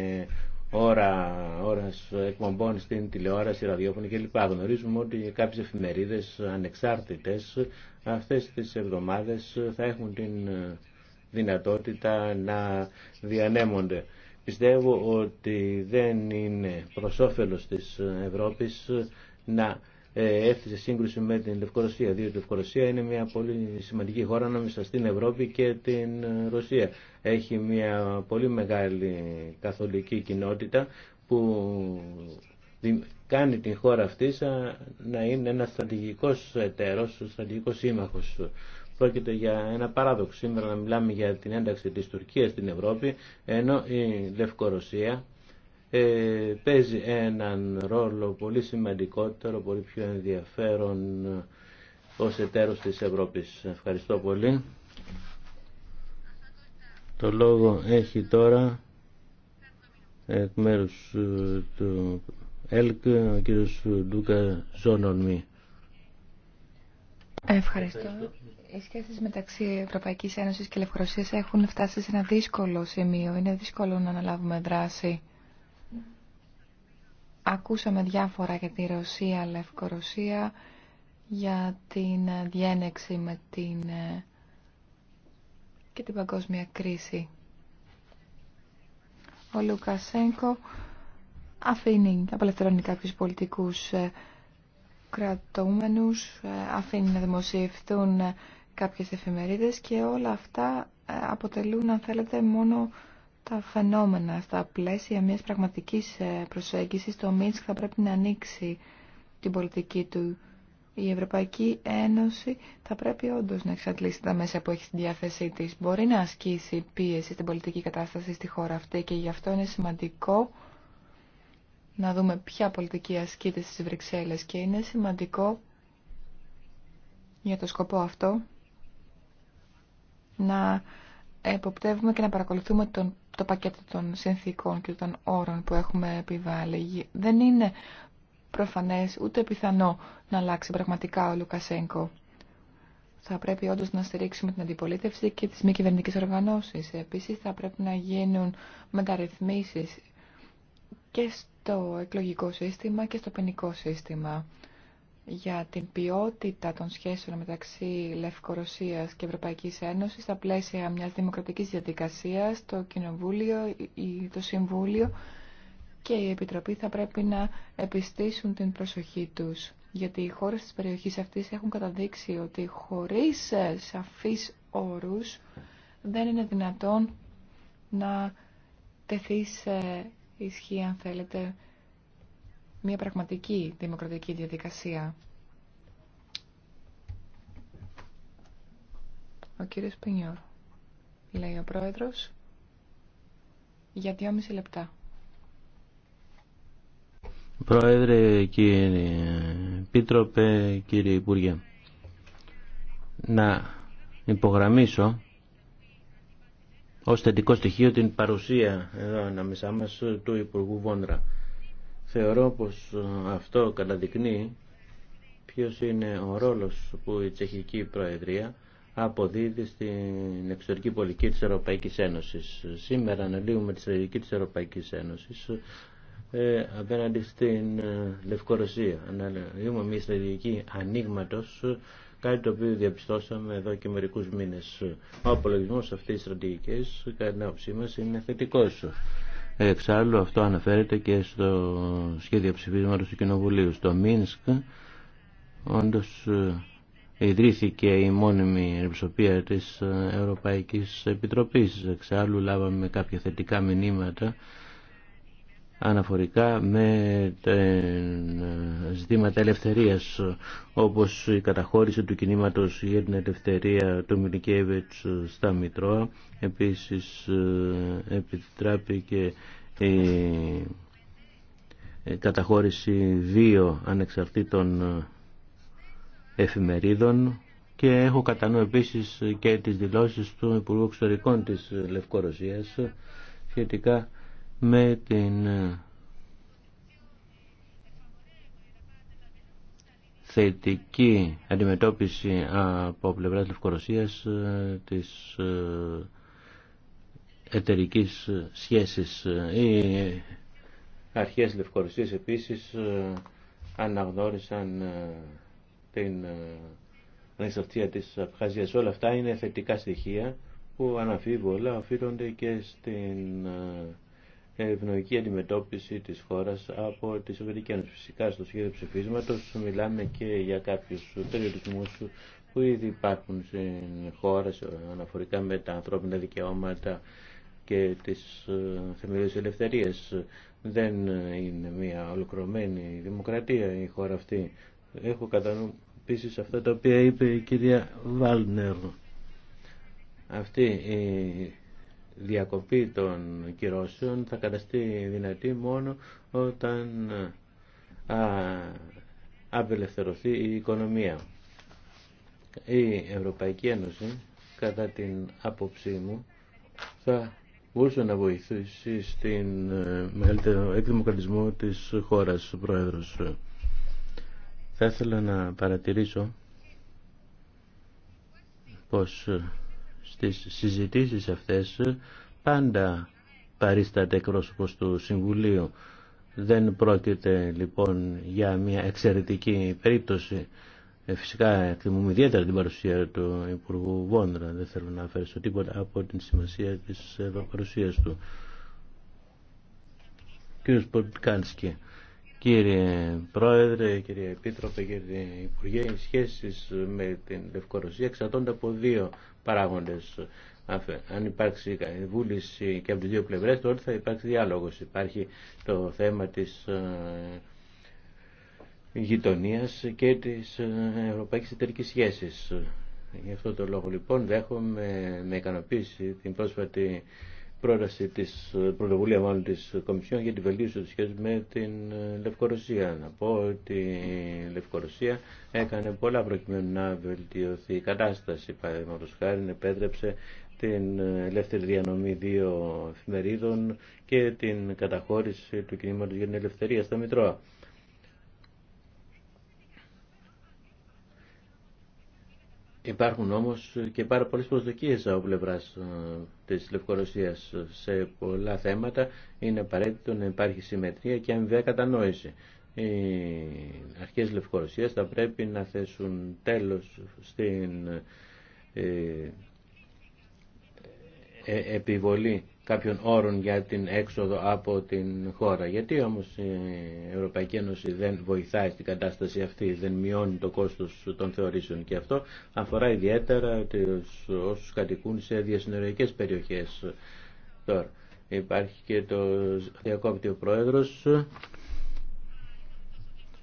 [SPEAKER 2] ώρα, ώρας εκπομπών στην τηλεόραση, ραδιόφωνο κλπ. Γνωρίζουμε ότι κάποιες εφημερίδες ανεξάρτητες αυτές τις εβδομάδες θα έχουν την δυνατότητα να διανέμονται. Πιστεύω ότι δεν είναι προς όφελος της Ευρώπης να ε, έρθει σε σύγκρουση με την Λευκορωσία, διότι η Λευκορωσία είναι μια πολύ σημαντική χώρα ανάμεσα στην Ευρώπη και την Ρωσία. Έχει μια πολύ μεγάλη καθολική κοινότητα που κάνει την χώρα αυτή να είναι ένα στρατηγικός εταίρος, στρατηγικός σύμμαχος Πρόκειται για ένα παράδοξο σήμερα να μιλάμε για την ένταξη της Τουρκίας στην Ευρώπη, ενώ η Λευκορωσία ε, παίζει έναν ρόλο πολύ σημαντικότερο, πολύ πιο ενδιαφέρον ως εταίρος της Ευρώπης. Ευχαριστώ πολύ. Το λόγο έχει τώρα εκ μέρους ε, του ΕΛΚ ο κύριος Ντούκα Ζόνονμι.
[SPEAKER 1] Ευχαριστώ. Οι σχέσει μεταξύ Ευρωπαϊκή Ένωση και Λευκορωσία έχουν φτάσει σε ένα δύσκολο σημείο. Είναι δύσκολο να αναλάβουμε δράση. Ακούσαμε διάφορα για τη Ρωσία, Λευκορωσία, για την διένεξη με την ε, και την παγκόσμια κρίση. Ο Λουκασέγκο αφήνει, απελευθερώνει κάποιους πολιτικούς ε, κρατούμενους, ε, αφήνει να δημοσιευτούν κάποιες εφημερίδες και όλα αυτά ε, αποτελούν, αν θέλετε, μόνο τα φαινόμενα στα πλαίσια μιας πραγματικής ε, προσέγγισης. Το Μίνσκ θα πρέπει να ανοίξει την πολιτική του. Η Ευρωπαϊκή Ένωση θα πρέπει όντω να εξαντλήσει τα μέσα που έχει στη διάθεσή τη. Μπορεί να ασκήσει πίεση στην πολιτική κατάσταση στη χώρα αυτή και γι' αυτό είναι σημαντικό να δούμε ποια πολιτική ασκείται στις Βρυξέλλες και είναι σημαντικό για το σκοπό αυτό να εποπτεύουμε και να παρακολουθούμε τον, το πακέτο των συνθήκων και των όρων που έχουμε επιβάλει. Δεν είναι προφανές ούτε πιθανό να αλλάξει πραγματικά ο Λουκασέγκο. Θα πρέπει όντως να στηρίξουμε την αντιπολίτευση και τις μη κυβερνητικέ οργανώσεις. Επίσης θα πρέπει να γίνουν μεταρρυθμίσεις και στο εκλογικό σύστημα και στο ποινικό σύστημα για την ποιότητα των σχέσεων μεταξύ Λευκορωσίας και Ευρωπαϊκής Ένωσης στα πλαίσια μιας δημοκρατικής διαδικασίας, το Κοινοβούλιο, το Συμβούλιο και η Επιτροπή θα πρέπει να επιστήσουν την προσοχή τους. Γιατί οι χώρες της περιοχής αυτής έχουν καταδείξει ότι χωρίς ε, σαφείς όρους δεν είναι δυνατόν να τεθεί σε ισχύ, αν θέλετε, μια πραγματική δημοκρατική διαδικασία. Ο κύριος Πινιόρ, λέει ο πρόεδρος, για δυόμιση λεπτά.
[SPEAKER 2] Πρόεδρε, κύριε Πίτροπε, κύριε Υπουργέ, να υπογραμμίσω ως θετικό στοιχείο την παρουσία εδώ ανάμεσά μας του Υπουργού Βόντρα. Θεωρώ πως ε, αυτό καταδεικνύει ποιος είναι ο ρόλος που η Τσεχική Προεδρία αποδίδει στην εξωτερική πολιτική της Ευρωπαϊκής Ένωσης. Σήμερα αναλύουμε τη στρατηγική της Ευρωπαϊκής Ένωσης ε, απέναντι στην ε, Λευκορωσία. Αναλύουμε μια στρατηγική ανοίγματο, κάτι το οποίο διαπιστώσαμε εδώ και μερικούς μήνες. Ο απολογισμός αυτής της στρατηγικής, κατά την άποψή μας, είναι θετικός. Εξάλλου αυτό αναφέρεται και στο σχέδιο ψηφίσματος του Κοινοβουλίου. Στο Μίνσκ όντως ε, ιδρύθηκε η μόνιμη εμπισοπία της ε, Ευρωπαϊκής Επιτροπής. Εξάλλου λάβαμε κάποια θετικά μηνύματα αναφορικά με ζητήματα ελευθερίας όπως η καταχώρηση του κινήματος για την ελευθερία του Μιλικέβιτς στα Μητρώα επίσης ε, επιτράπηκε η ε, καταχώρηση δύο ανεξαρτήτων ε, εφημερίδων και έχω κατά νου επίσης και τις δηλώσεις του Υπουργού Εξωτερικών της Λευκορωσίας σχετικά με την ε, θετική αντιμετώπιση από πλευράς Λευκορωσίας ε, της ε, εταιρικής σχέσης. Οι αρχές Λευκορωσίας επίσης αναγνώρισαν την ανεξαρτησία της αφχαζίας Όλα αυτά είναι θετικά στοιχεία που αναφίβολα οφείλονται και στην ευνοϊκή αντιμετώπιση της χώρας από τις Σοβιετική Φυσικά στο σχέδιο ψηφίσματος μιλάμε και για κάποιους περιορισμούς που ήδη υπάρχουν στην χώρα αναφορικά με τα ανθρώπινα δικαιώματα και τις ε, θεμελιώδεις ελευθερίες. Δεν είναι μια ολοκληρωμένη δημοκρατία η χώρα αυτή. Έχω κατά νου αυτά τα οποία είπε η κυρία Βάλνερ. Αυτή η διακοπή των κυρώσεων θα καταστεί δυνατή μόνο όταν απελευθερωθεί η οικονομία. Η Ευρωπαϊκή Ένωση, κατά την άποψή μου, θα μπορούσε να βοηθήσει στην ε, μεγαλύτερο εκδημοκρατισμό της χώρας, Πρόεδρος. Θα ήθελα να παρατηρήσω πως ε, στις συζητήσεις αυτές πάντα παρίσταται εκπρόσωπος του Συμβουλίου. Δεν πρόκειται λοιπόν για μια εξαιρετική περίπτωση. Ε, φυσικά εκτιμούμε ιδιαίτερα την παρουσία του Υπουργού Βόντρα. Δεν θέλω να αφαιρέσω τίποτα από την σημασία της ε, παρουσίας του. Κύριος Κύριε Πρόεδρε, κύριε Επίτροπε, κύριε Υπουργέ, οι σχέσεις με την Λευκορωσία εξαρτώνται από δύο παράγοντε. Αν υπάρξει βούληση και από τι δύο πλευρέ, τότε θα υπάρξει διάλογος. Υπάρχει το θέμα της ε, γειτονία και της ε, Ευρωπαϊκή Εταιρική σχέση. Γι' αυτό το λόγο λοιπόν δέχομαι με ικανοποίηση την πρόσφατη πρόταση τη ε, πρωτοβουλία μάλλον τη Κομισιόν για τη βελτίωση τη σχέση με την ε, Λευκορωσία. Να πω ότι η Λευκορωσία έκανε πολλά προκειμένου να βελτιωθεί η κατάσταση. Παραδείγματο χάρη επέτρεψε την ε, ελεύθερη διανομή δύο εφημερίδων και την καταχώρηση του κινήματο για την ελευθερία στα Μητρώα. Υπάρχουν όμως και πάρα πολλές προσδοκίες από πλευρά ε, της Λευκορωσίας σε πολλά θέματα. Είναι απαραίτητο να υπάρχει συμμετρία και αμοιβαία κατανόηση. Οι αρχές Λευκορωσίας θα πρέπει να θέσουν τέλος στην ε, ε, επιβολή κάποιων όρων για την έξοδο από την χώρα. Γιατί όμως η Ευρωπαϊκή Ένωση δεν βοηθάει στην κατάσταση αυτή, δεν μειώνει το κόστος των θεωρήσεων και αυτό αφορά ιδιαίτερα τους, όσους κατοικούν σε διασυνοριακές περιοχές. Τώρα υπάρχει και το διακόπτη ο Πρόεδρος.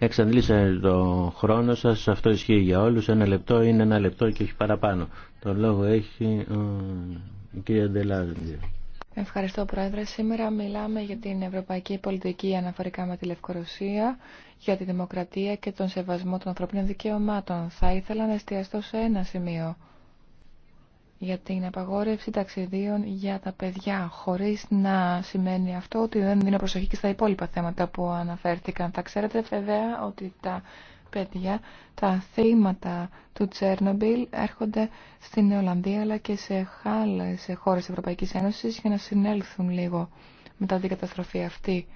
[SPEAKER 2] Εξαντλήσατε το χρόνο σας, αυτό ισχύει για όλους. Ένα λεπτό είναι ένα λεπτό και όχι παραπάνω. Το λόγο έχει ο... η κυρία
[SPEAKER 1] Ευχαριστώ Πρόεδρε. Σήμερα μιλάμε για την ευρωπαϊκή πολιτική αναφορικά με τη Λευκορωσία, για τη δημοκρατία και τον σεβασμό των ανθρωπίνων δικαιωμάτων. Θα ήθελα να εστιαστώ σε ένα σημείο για την απαγόρευση ταξιδίων για τα παιδιά, χωρίς να σημαίνει αυτό ότι δεν δίνω προσοχή και στα υπόλοιπα θέματα που αναφέρθηκαν. Θα ξέρετε βέβαια ότι τα παιδιά, τα θύματα του Τσέρνομπιλ έρχονται στην Ολλανδία αλλά και σε, άλλε σε χώρες Ευρωπαϊκής Ένωσης για να συνέλθουν λίγο μετά την καταστροφή αυτή.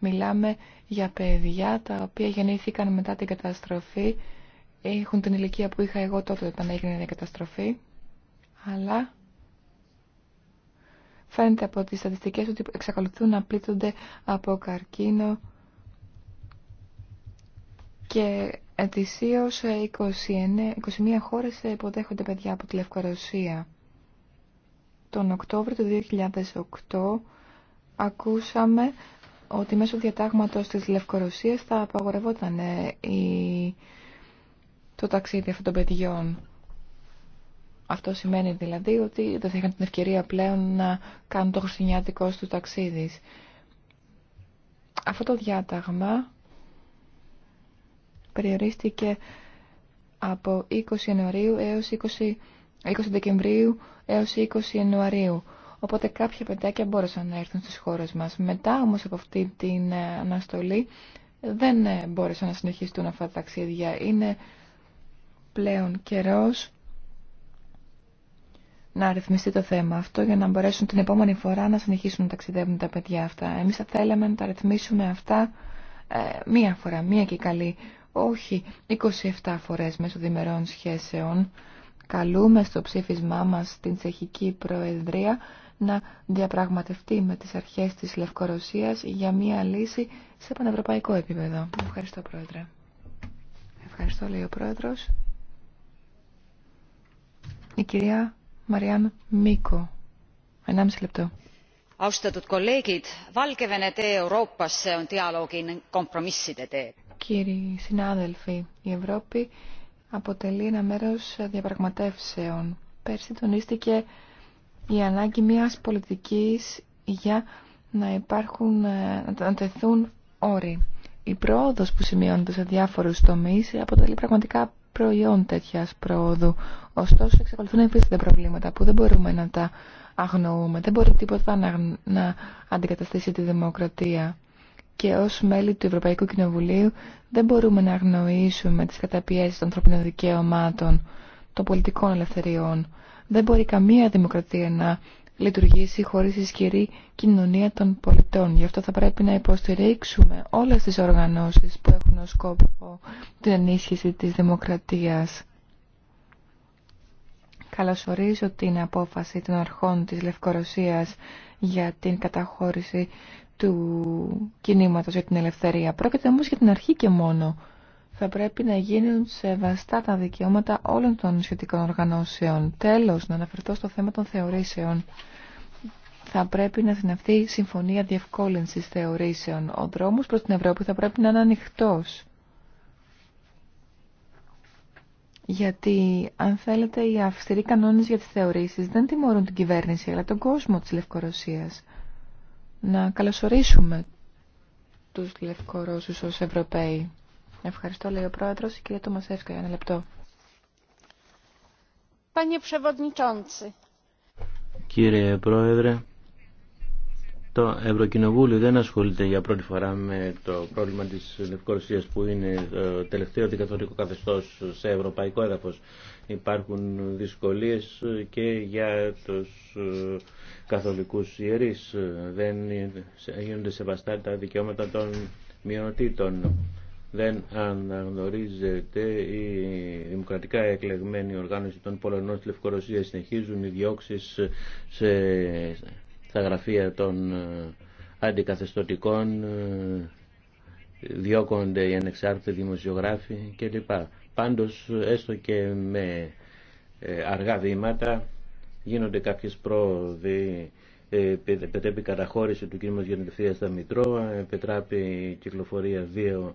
[SPEAKER 1] Μιλάμε για παιδιά τα οποία γεννήθηκαν μετά την καταστροφή, έχουν την ηλικία που είχα εγώ τότε όταν έγινε η καταστροφή, αλλά φαίνεται από τις στατιστικές ότι εξακολουθούν να πλήττονται από καρκίνο, και ετησίως 21, ε, 21 χώρες ε, υποδέχονται παιδιά από τη Λευκορωσία. Τον Οκτώβριο του 2008 ακούσαμε ότι μέσω διατάγματος της Λευκορωσίας θα απαγορευόταν ε, η... το ταξίδι αυτών των παιδιών. Αυτό σημαίνει δηλαδή ότι δεν θα είχαν την ευκαιρία πλέον να κάνουν το χριστουγεννιάτικο του ταξίδι. Αυτό το διάταγμα περιορίστηκε από 20 Ιανουαρίου έως 20, 20 Δεκεμβρίου έως 20 Ιανουαρίου. Οπότε κάποια παιδιάκια μπόρεσαν να έρθουν στις χώρες μας. Μετά όμως από αυτή την ε, αναστολή δεν ε, μπόρεσαν να συνεχιστούν αυτά τα ταξίδια. Είναι πλέον καιρός να ρυθμιστεί το θέμα αυτό για να μπορέσουν την επόμενη φορά να συνεχίσουν να ταξιδεύουν τα παιδιά αυτά. Εμείς θα θέλαμε να τα ρυθμίσουμε αυτά ε, μία φορά, μία και καλή όχι 27 φορές μέσω σχέσεων. Καλούμε στο ψήφισμά μας την Τσεχική Προεδρία να διαπραγματευτεί με τις αρχές της Λευκορωσίας για μία λύση σε πανευρωπαϊκό επίπεδο. Ευχαριστώ Πρόεδρε. Ευχαριστώ λέει ο Πρόεδρος. Η κυρία Μαριάν Μίκο. Ενάμιση λεπτό. Austatud kolleegid, Valgevene tee Euroopasse on dialoogi kompromisside tee Κύριοι συνάδελφοι, η Ευρώπη αποτελεί ένα μέρος διαπραγματεύσεων. Πέρσι τονίστηκε η ανάγκη μιας πολιτικής για να υπάρχουν, ε, να τεθούν όροι. Η πρόοδος που σημειώνεται σε διάφορους τομείς αποτελεί πραγματικά προϊόν τέτοια πρόοδου. Ωστόσο, εξακολουθούν να τα προβλήματα που δεν μπορούμε να τα αγνοούμε. Δεν μπορεί τίποτα να, να αντικαταστήσει τη δημοκρατία και ως μέλη του Ευρωπαϊκού Κοινοβουλίου δεν μπορούμε να αγνοήσουμε τις καταπιέσεις των ανθρωπίνων δικαιωμάτων, των πολιτικών ελευθεριών. Δεν μπορεί καμία δημοκρατία να λειτουργήσει χωρίς ισχυρή κοινωνία των πολιτών. Γι' αυτό θα πρέπει να υποστηρίξουμε όλες τις οργανώσεις που έχουν ως σκόπο την ενίσχυση της δημοκρατίας. Καλωσορίζω την απόφαση των αρχών της Λευκορωσίας για την καταχώρηση του κινήματος για την ελευθερία. Πρόκειται όμως για την αρχή και μόνο. Θα πρέπει να γίνουν σεβαστά τα δικαιώματα όλων των σχετικών οργανώσεων. Τέλος, να αναφερθώ στο θέμα των θεωρήσεων. Θα πρέπει να συναυτεί η Συμφωνία Διευκόλυνσης Θεωρήσεων. Ο δρόμος προς την Ευρώπη θα πρέπει να είναι ανοιχτό. Γιατί, αν θέλετε, οι αυστηροί κανόνες για τις θεωρήσεις δεν τιμωρούν την κυβέρνηση, αλλά τον κόσμο της Λευκορωσίας να καλωσορίσουμε τους Λευκορώσους ως Ευρωπαίοι. Ευχαριστώ, λέει ο Πρόεδρος, η κυρία για ένα λεπτό.
[SPEAKER 2] Κύριε Πρόεδρε, το Ευρωκοινοβούλιο δεν ασχολείται για πρώτη φορά με το πρόβλημα της Λευκορωσίας που είναι το ε, τελευταίο δικαθολικό καθεστώ σε ευρωπαϊκό έδαφο. Υπάρχουν δυσκολίες και για τους ε, καθολικούς ιερεί. Δεν γίνονται σεβαστά τα δικαιώματα των μειονοτήτων. Δεν αναγνωρίζεται η δημοκρατικά εκλεγμένη οργάνωση των Πολωνών στη Λευκορωσία. Συνεχίζουν οι διώξει σε στα γραφεία των ε, αντικαθεστωτικών, ε, διώκονται οι ανεξάρτητοι δημοσιογράφοι κλπ. Πάντως, έστω και με ε, αργά βήματα, γίνονται κάποιες πρόοδοι επιτρέπει καταχώρηση του κίνηματος για την στα Μητρώα, επιτράπει κυκλοφορία δύο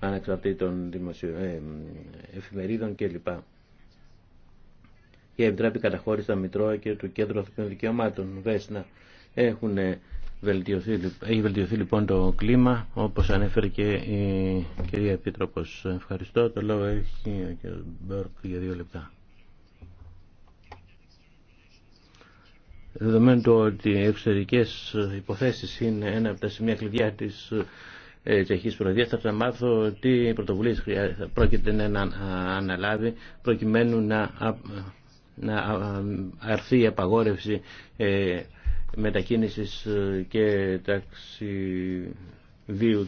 [SPEAKER 2] ανεξαρτήτων δημοσιο... εφημερίδων κλπ. Και επιτράπει καταχώρηση στα Μητρώα και του Κέντρου Ανθρωπίνων Δικαιωμάτων, Βέσνα. Έχουν βελτιωθεί, έχει βελτιωθεί λοιπόν το κλίμα, όπως ανέφερε και η κυρία Επίτροπος. Ευχαριστώ. Το λόγο έχει ο κ. Μπέρκ για δύο λεπτά. Δεδομένου ότι οι εξωτερικές υποθέσεις είναι ένα από τα σημεία κλειδιά της ε, Τσεχής Προεδρίας θα μάθω τι πρωτοβουλίες πρόκειται να αναλάβει προκειμένου να, να αρθεί η απαγόρευση ε, μετακίνησης ε, και ταξιδίου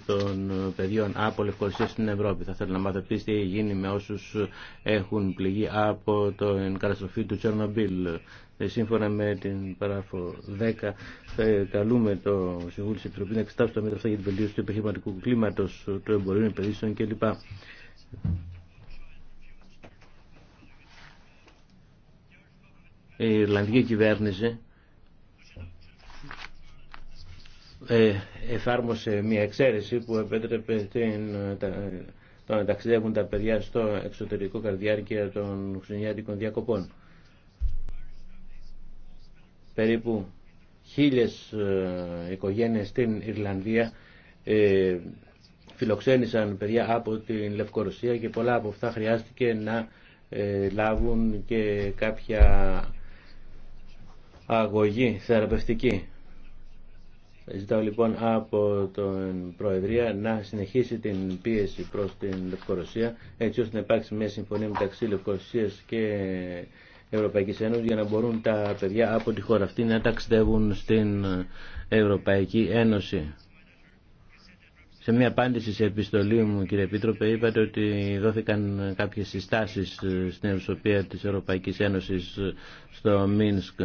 [SPEAKER 2] των ε, παιδιών από Λευκορωσία στην Ευρώπη. Θα ήθελα να μάθω επίσης τι γίνει με όσους έχουν πληγεί από την καταστροφή του Τσέρνομπιλ. Ε, σύμφωνα με την παράφο 10, θα καλούμε το Συμβούλιο της Επιτροπής να εξετάσει τα μέτρα αυτά για την βελτίωση του επιχειρηματικού κλίματος, του εμπορίου επενδύσεων κλπ. Η Ιρλανδική κυβέρνηση Ε, εφάρμοσε μια εξαίρεση που επέτρεπε να ταξιδεύουν τα παιδιά στο εξωτερικό καρδιάρκεια των χριστουγεννιάτικων διακοπών. Περίπου χίλιες ε, οικογένειες στην Ιρλανδία ε, φιλοξένησαν παιδιά από την Λευκορωσία και πολλά από αυτά χρειάστηκε να ε, λάβουν και κάποια αγωγή θεραπευτική. Ζητάω λοιπόν από τον Προεδρία να συνεχίσει την πίεση προς την Λευκορωσία έτσι ώστε να υπάρξει μια συμφωνία μεταξύ Λευκορωσίας και Ευρωπαϊκής Ένωσης για να μπορούν τα παιδιά από τη χώρα αυτή να ταξιδεύουν στην Ευρωπαϊκή Ένωση. Σε μια απάντηση σε επιστολή μου, κύριε Επίτροπε, είπατε ότι δόθηκαν κάποιες συστάσεις στην Ευρωπαϊκή της στο Μίνσκ.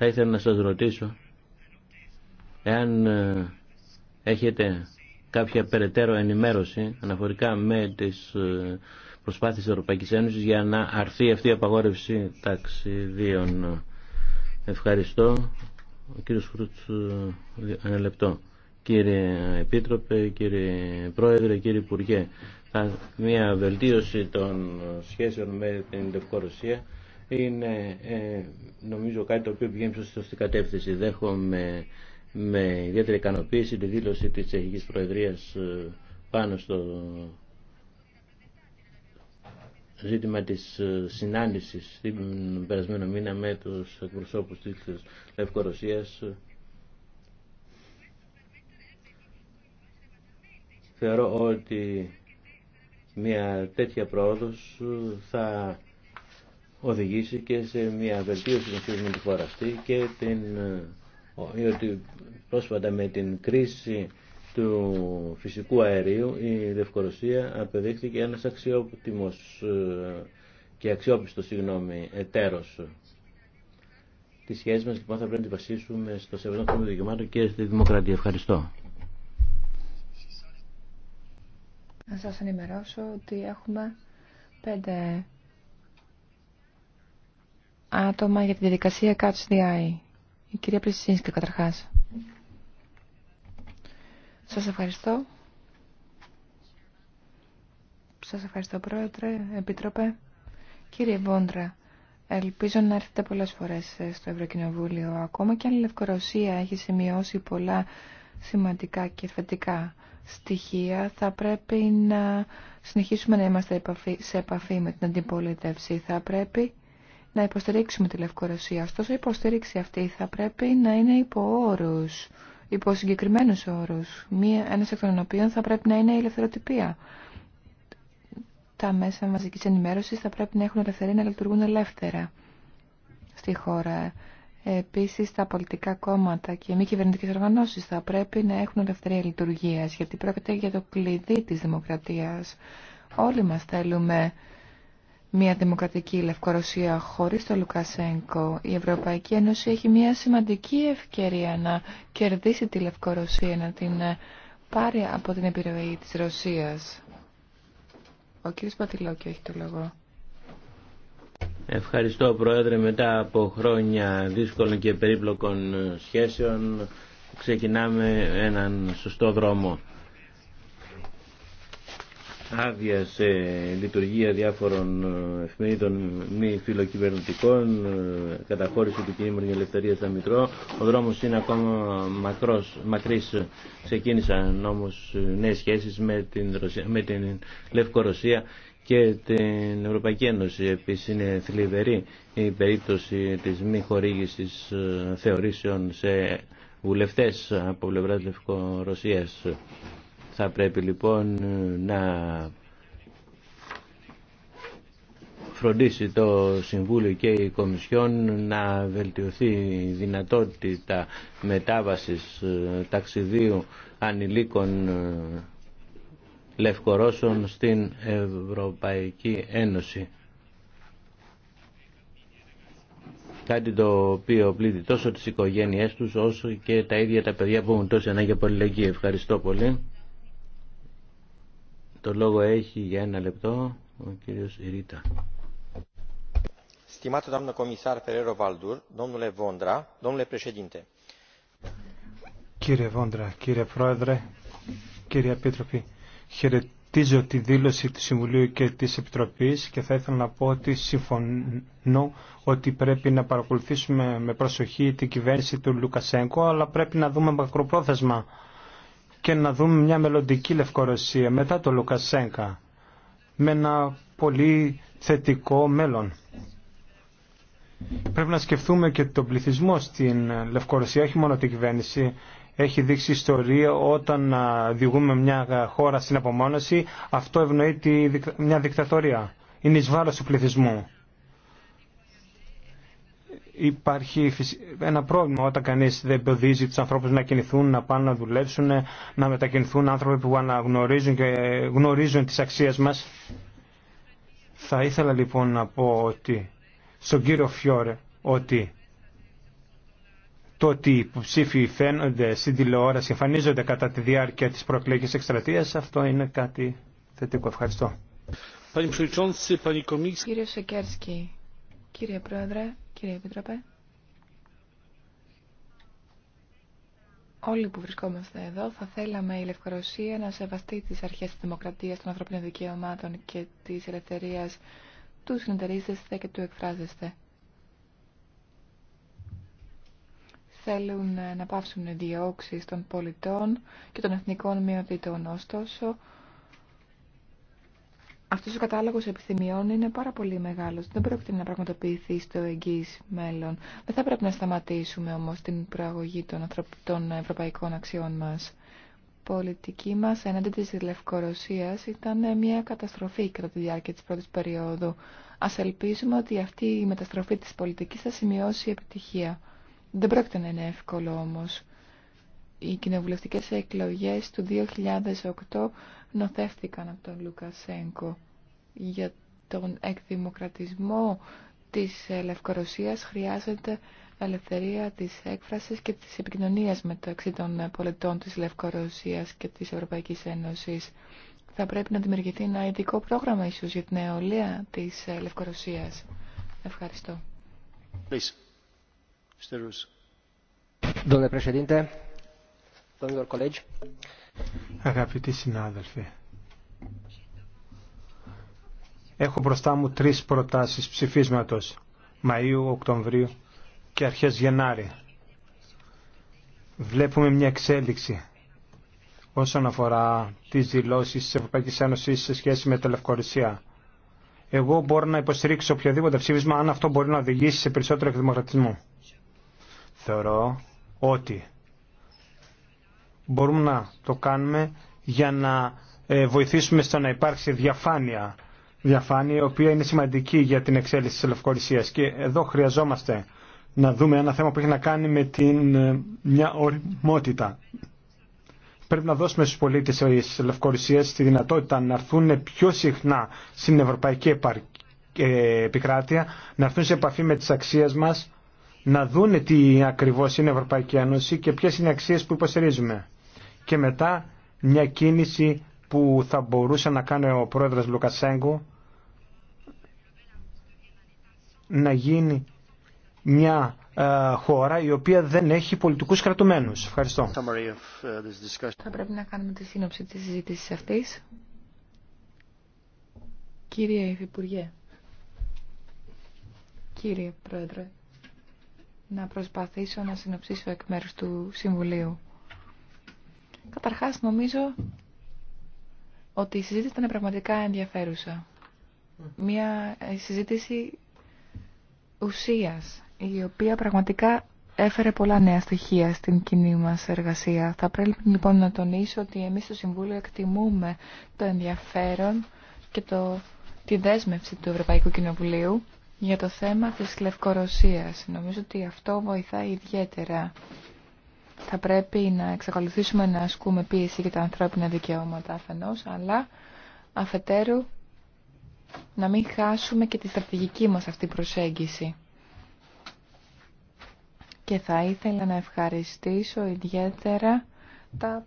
[SPEAKER 2] θα ήθελα να σας ρωτήσω εάν ε, έχετε κάποια περαιτέρω ενημέρωση αναφορικά με τις ε, προσπάθειες της Ευρωπαϊκής Ένωσης για να αρθεί αυτή η απαγόρευση ταξιδίων. Ευχαριστώ. Ο κύριος ε, ένα λεπτό. Κύριε Επίτροπε, κύριε Πρόεδρε, κύριε Υπουργέ, μια βελτίωση των σχέσεων με την Δευκορωσία είναι ε, νομίζω κάτι το οποίο πηγαίνει προς σωστή κατεύθυνση. Δέχομαι με ιδιαίτερη ικανοποίηση τη δήλωση της Τσεχικής Προεδρίας ε, πάνω στο ζήτημα της ε, συνάντησης την περασμένο μήνα με τους εκπροσώπους της Λευκορωσίας θεωρώ ότι μια τέτοια πρόοδος θα οδηγήσει και σε μια βελτίωση των σχέσεων με τη και την, ότι πρόσφατα με την κρίση του φυσικού αερίου η Δευκορωσία απεδείχθηκε ένας αξιόπτυμος ε, και αξιόπιστος, συγγνώμη, εταίρος. Τη σχέση μας λοιπόν θα πρέπει να τη βασίσουμε στο σεβασμό των δικαιωμάτων και στη δημοκρατία. Ευχαριστώ.
[SPEAKER 1] Να σας ενημερώσω ότι έχουμε πέντε άτομα για τη διαδικασία Catch the Η κυρία Πλησίνσκη καταρχάς. Σας ευχαριστώ. Σας ευχαριστώ Πρόεδρε, Επίτροπε. Κύριε Βόντρα, ελπίζω να έρθετε πολλές φορές ε, στο Ευρωκοινοβούλιο. Ακόμα και αν η Λευκορωσία έχει σημειώσει πολλά σημαντικά και θετικά στοιχεία, θα πρέπει να συνεχίσουμε να είμαστε σε επαφή με την αντιπολίτευση. Θα πρέπει να υποστηρίξουμε τη Λευκορωσία. Ωστόσο, η υποστήριξη αυτή θα πρέπει να είναι υπό όρου, υπό συγκεκριμένου όρου. Μία, ένας εκ των οποίων θα πρέπει να είναι η ελευθεροτυπία. Τα μέσα μαζική ενημέρωση θα πρέπει να έχουν ελευθερία να λειτουργούν ελεύθερα στη χώρα. Επίση, τα πολιτικά κόμματα και οι μη κυβερνητικέ οργανώσει θα πρέπει να έχουν ελευθερία λειτουργία. γιατί πρόκειται για το κλειδί τη δημοκρατία. Όλοι μα θέλουμε μια δημοκρατική Λευκορωσία χωρίς το Λουκασέγκο. Η Ευρωπαϊκή Ένωση έχει μια σημαντική ευκαιρία να κερδίσει τη Λευκορωσία, να την ε, πάρει από την επιρροή της Ρωσίας. Ο κύριος Πατηλόκη έχει το λόγο.
[SPEAKER 2] Ευχαριστώ Πρόεδρε μετά από χρόνια δύσκολων και περίπλοκων ε, σχέσεων ξεκινάμε έναν σωστό δρόμο άδεια σε λειτουργία διάφορων εφημερίδων μη φιλοκυβερνητικών, ε, καταχώρηση του κίνημου για ελευθερία στα Μητρό. Ο δρόμος είναι ακόμα μακρός, μακρύς. Ξεκίνησαν όμως ε, νέες σχέσεις με την, Ρωσία, την Λευκορωσία και την Ευρωπαϊκή Ένωση. Επίσης είναι θλιβερή η περίπτωση της μη χορήγηση ε, θεωρήσεων σε βουλευτές από πλευρά Λευκορωσίας. Θα πρέπει λοιπόν ε, να φροντίσει το Συμβούλιο και η Κομισιόν να βελτιωθεί η δυνατότητα μετάβασης ε, ταξιδίου ανηλίκων ε, Λευκορώσων στην Ευρωπαϊκή Ένωση. Κάτι το οποίο πλήττει τόσο τις οικογένειές τους όσο και τα ίδια τα παιδιά που έχουν τόση ανάγκη από αλληλεγγύη. Ευχαριστώ πολύ. Το λόγο έχει για ένα λεπτό ο κύριος Ρίτα.
[SPEAKER 3] Κύριε Βόντρα, κύριε Πρόεδρε, κύριε Επίτροπη, χαιρετίζω τη δήλωση του Συμβουλίου και της Επιτροπής και θα ήθελα να πω ότι συμφωνώ ότι πρέπει να παρακολουθήσουμε με προσοχή την κυβέρνηση του Λουκασέγκο, αλλά πρέπει να δούμε μακροπρόθεσμα και να δούμε μια μελλοντική Λευκορωσία μετά το Λουκασέγκα με ένα πολύ θετικό μέλλον. Πρέπει να σκεφτούμε και τον πληθυσμό στην Λευκορωσία, όχι μόνο την κυβέρνηση. Έχει δείξει ιστορία όταν διηγούμε μια χώρα στην απομόνωση, αυτό ευνοεί μια δικτατορία. Είναι εις βάρος του πληθυσμού υπάρχει ένα πρόβλημα όταν κανείς δεν εμποδίζει τους ανθρώπους να κινηθούν, να πάνε να δουλέψουν, να μετακινηθούν άνθρωποι που αναγνωρίζουν και γνωρίζουν τις αξίες μας. Θα ήθελα λοιπόν να πω ότι στον κύριο Φιόρε ότι το ότι οι υποψήφοι φαίνονται στην τηλεόραση, εμφανίζονται κατά τη διάρκεια της προεκλογικής εκστρατεία, αυτό είναι κάτι θετικό. Ευχαριστώ. Κύριε Σεκέρσκι,
[SPEAKER 1] Κύριε Πρόεδρε, κύριε Επιτροπέ, όλοι που βρισκόμαστε εδώ θα θέλαμε η Λευκορωσία να σεβαστεί τις αρχές της δημοκρατίας, των ανθρωπίνων δικαιωμάτων και της ελευθερίας του συνεταιρίζεστε και του εκφράζεστε. Θέλουν να πάψουν οι διώξεις των πολιτών και των εθνικών μειοτήτων. Ωστόσο, αυτός ο κατάλογος επιθυμιών είναι πάρα πολύ μεγάλος. Δεν πρόκειται να πραγματοποιηθεί στο εγγύ μέλλον. Δεν θα πρέπει να σταματήσουμε όμως την προαγωγή των, ανθρωπ... των ευρωπαϊκών αξιών μας. Η πολιτική μας έναντι της Λευκορωσίας ήταν μια καταστροφή κατά τη διάρκεια της πρώτης περίοδου. Ας ελπίζουμε ότι αυτή η μεταστροφή της πολιτικής θα σημειώσει επιτυχία. Δεν πρόκειται να είναι εύκολο όμως. Οι κοινοβουλευτικές εκλογές του 2008 νοθεύτηκαν από τον Λουκασέγκο για τον εκδημοκρατισμό της ε, Λευκορωσίας χρειάζεται ελευθερία της έκφρασης και της επικοινωνίας μεταξύ των ε, πολιτών της Λευκορωσίας και της Ευρωπαϊκής Ένωσης. Θα πρέπει να δημιουργηθεί ένα ειδικό πρόγραμμα ίσως για την νεολαία της ε, Λευκορωσίας. Ευχαριστώ.
[SPEAKER 3] Please. Αγαπητοί συνάδελφοι, έχω μπροστά μου τρεις προτάσεις ψηφίσματος Μαΐου, Οκτωβρίου και αρχές Γενάρη. Βλέπουμε μια εξέλιξη όσον αφορά τις δηλώσεις της Ευρωπαϊκής Ένωσης σε σχέση με τη Λευκορισία. Εγώ μπορώ να υποστηρίξω οποιοδήποτε ψήφισμα αν αυτό μπορεί να οδηγήσει σε περισσότερο εκδημοκρατισμό. Θεωρώ ότι μπορούμε να το κάνουμε για να ε, βοηθήσουμε στο να υπάρξει διαφάνεια, διαφάνεια η οποία είναι σημαντική για την εξέλιξη της Λευκορυσίας. Και εδώ χρειαζόμαστε να δούμε ένα θέμα που έχει να κάνει με την, ε, μια οριμότητα. Πρέπει να δώσουμε στους πολίτες της Λευκορυσίας τη δυνατότητα να έρθουν πιο συχνά στην Ευρωπαϊκή ε, Επικράτεια, να έρθουν σε επαφή με τις αξίες μας, να δούνε τι ακριβώς είναι η Ευρωπαϊκή Ένωση και ποιες είναι οι αξίες που υποστηρίζουμε και μετά μια κίνηση που θα μπορούσε να κάνει ο πρόεδρος Λουκασέγκο να γίνει μια ε, χώρα η οποία δεν έχει πολιτικούς κρατουμένους. Ευχαριστώ. Θα
[SPEAKER 1] πρέπει να κάνουμε τη σύνοψη της συζήτησης αυτής. Κύριε Υφυπουργέ, κύριε Πρόεδρε, να προσπαθήσω να συνοψίσω εκ μέρους του Συμβουλίου. Καταρχάς νομίζω ότι η συζήτηση ήταν πραγματικά ενδιαφέρουσα. Μια ε, συζήτηση ουσίας, η οποία πραγματικά έφερε πολλά νέα στοιχεία στην κοινή μας εργασία. Θα πρέπει λοιπόν να τονίσω ότι εμείς στο Συμβούλιο εκτιμούμε το ενδιαφέρον και το, τη δέσμευση του Ευρωπαϊκού Κοινοβουλίου για το θέμα της Λευκορωσίας. Νομίζω ότι αυτό βοηθάει ιδιαίτερα θα πρέπει να εξακολουθήσουμε να ασκούμε πίεση για τα ανθρώπινα δικαιώματα αφενός, αλλά αφετέρου να μην χάσουμε και τη στρατηγική μας αυτή προσέγγιση. Και θα ήθελα να ευχαριστήσω ιδιαίτερα τα,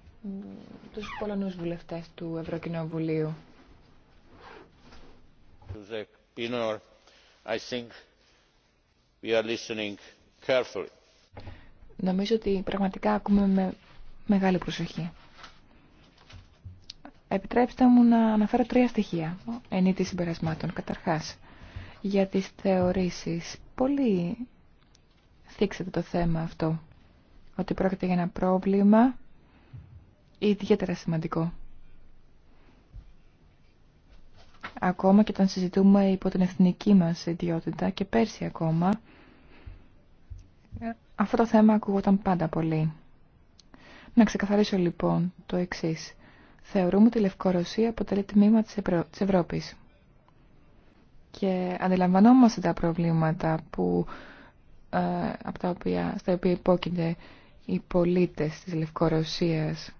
[SPEAKER 1] τους Πολωνούς βουλευτές του Ευρωκοινοβουλίου.
[SPEAKER 2] I think we are listening carefully.
[SPEAKER 1] Νομίζω ότι πραγματικά ακούμε με μεγάλη προσοχή. Επιτρέψτε μου να αναφέρω τρία στοιχεία ενίτη συμπερασμάτων. Καταρχάς, για τις θεωρήσεις. Πολύ θίξετε το θέμα αυτό, ότι πρόκειται για ένα πρόβλημα ιδιαίτερα σημαντικό. Ακόμα και όταν συζητούμε υπό την εθνική μας ιδιότητα και πέρσι ακόμα, αυτό το θέμα ακούγονταν πάντα πολύ. Να ξεκαθαρίσω λοιπόν το εξή. Θεωρούμε ότι η Λευκορωσία αποτελεί τμήμα της, Ευρω... της Ευρώπης. Και αντιλαμβανόμαστε τα προβλήματα που, ε, από τα οποία, στα οποία υπόκεινται οι πολίτες της Λευκορωσίας.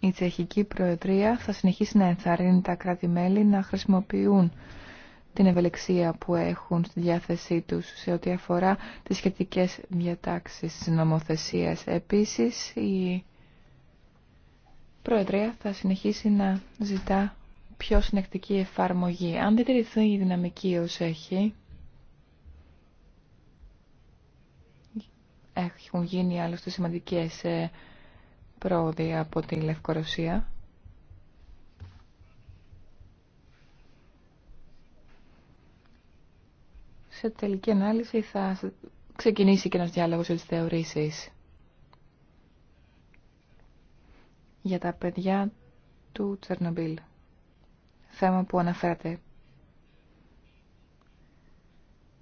[SPEAKER 1] Η Τσεχική Προεδρία θα συνεχίσει να ενθαρρύνει τα κράτη-μέλη να χρησιμοποιούν την ευελεξία που έχουν στη διάθεσή τους σε ό,τι αφορά τις σχετικές διατάξεις της νομοθεσίας. Επίσης, η Προεδρία θα συνεχίσει να ζητά πιο συνεκτική εφαρμογή. Αν δεν τηρηθεί η δυναμική ως έχει, έχουν γίνει άλλωστε σημαντικές ε, πρόοδοι από τη Λευκορωσία. σε τελική ανάλυση θα ξεκινήσει και ένας διάλογος για τις θεωρήσεις. Για τα παιδιά του Τσερνομπίλ. Θέμα που αναφέρατε.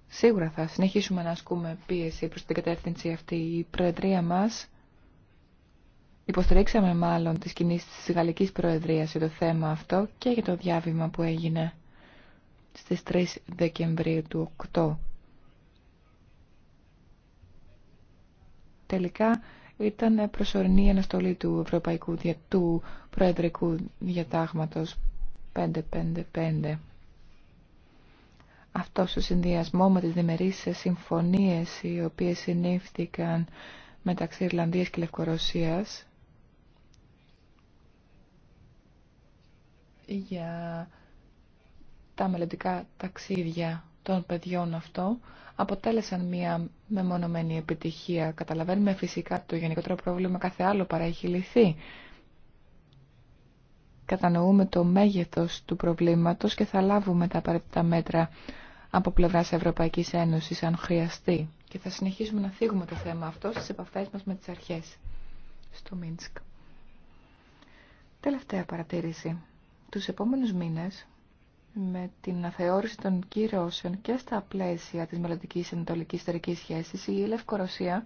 [SPEAKER 1] Σίγουρα θα συνεχίσουμε να ασκούμε πίεση προς την κατεύθυνση αυτή. Η Προεδρία μας υποστηρίξαμε μάλλον τις κινήσεις της Γαλλικής Προεδρίας για το θέμα αυτό και για το διάβημα που έγινε στις 3 Δεκεμβρίου του 8. Τελικά ήταν προσωρινή αναστολή του Ευρωπαϊκού του Προεδρικού Διατάγματος 555. Αυτό στο συνδυασμό με τις διμερείς συμφωνίες οι οποίες συνήφθηκαν μεταξύ Ιρλανδίας και Λευκορωσίας για τα μελλοντικά ταξίδια των παιδιών αυτό αποτέλεσαν μια μεμονωμένη επιτυχία. Καταλαβαίνουμε φυσικά το γενικότερο πρόβλημα κάθε άλλο παρά έχει λυθεί. Κατανοούμε το μέγεθος του προβλήματος και θα λάβουμε τα απαραίτητα μέτρα από πλευράς Ευρωπαϊκής Ένωσης αν χρειαστεί. Και θα συνεχίσουμε να θίγουμε το θέμα αυτό στις επαφές μας με τις αρχές στο Μίνσκ. Τελευταία παρατήρηση. Τους επόμενους μήνες με την αθεώρηση των κυρώσεων και στα πλαίσια της μελλοντικής ανατολικής ιστορικής σχέσης, η Λευκορωσία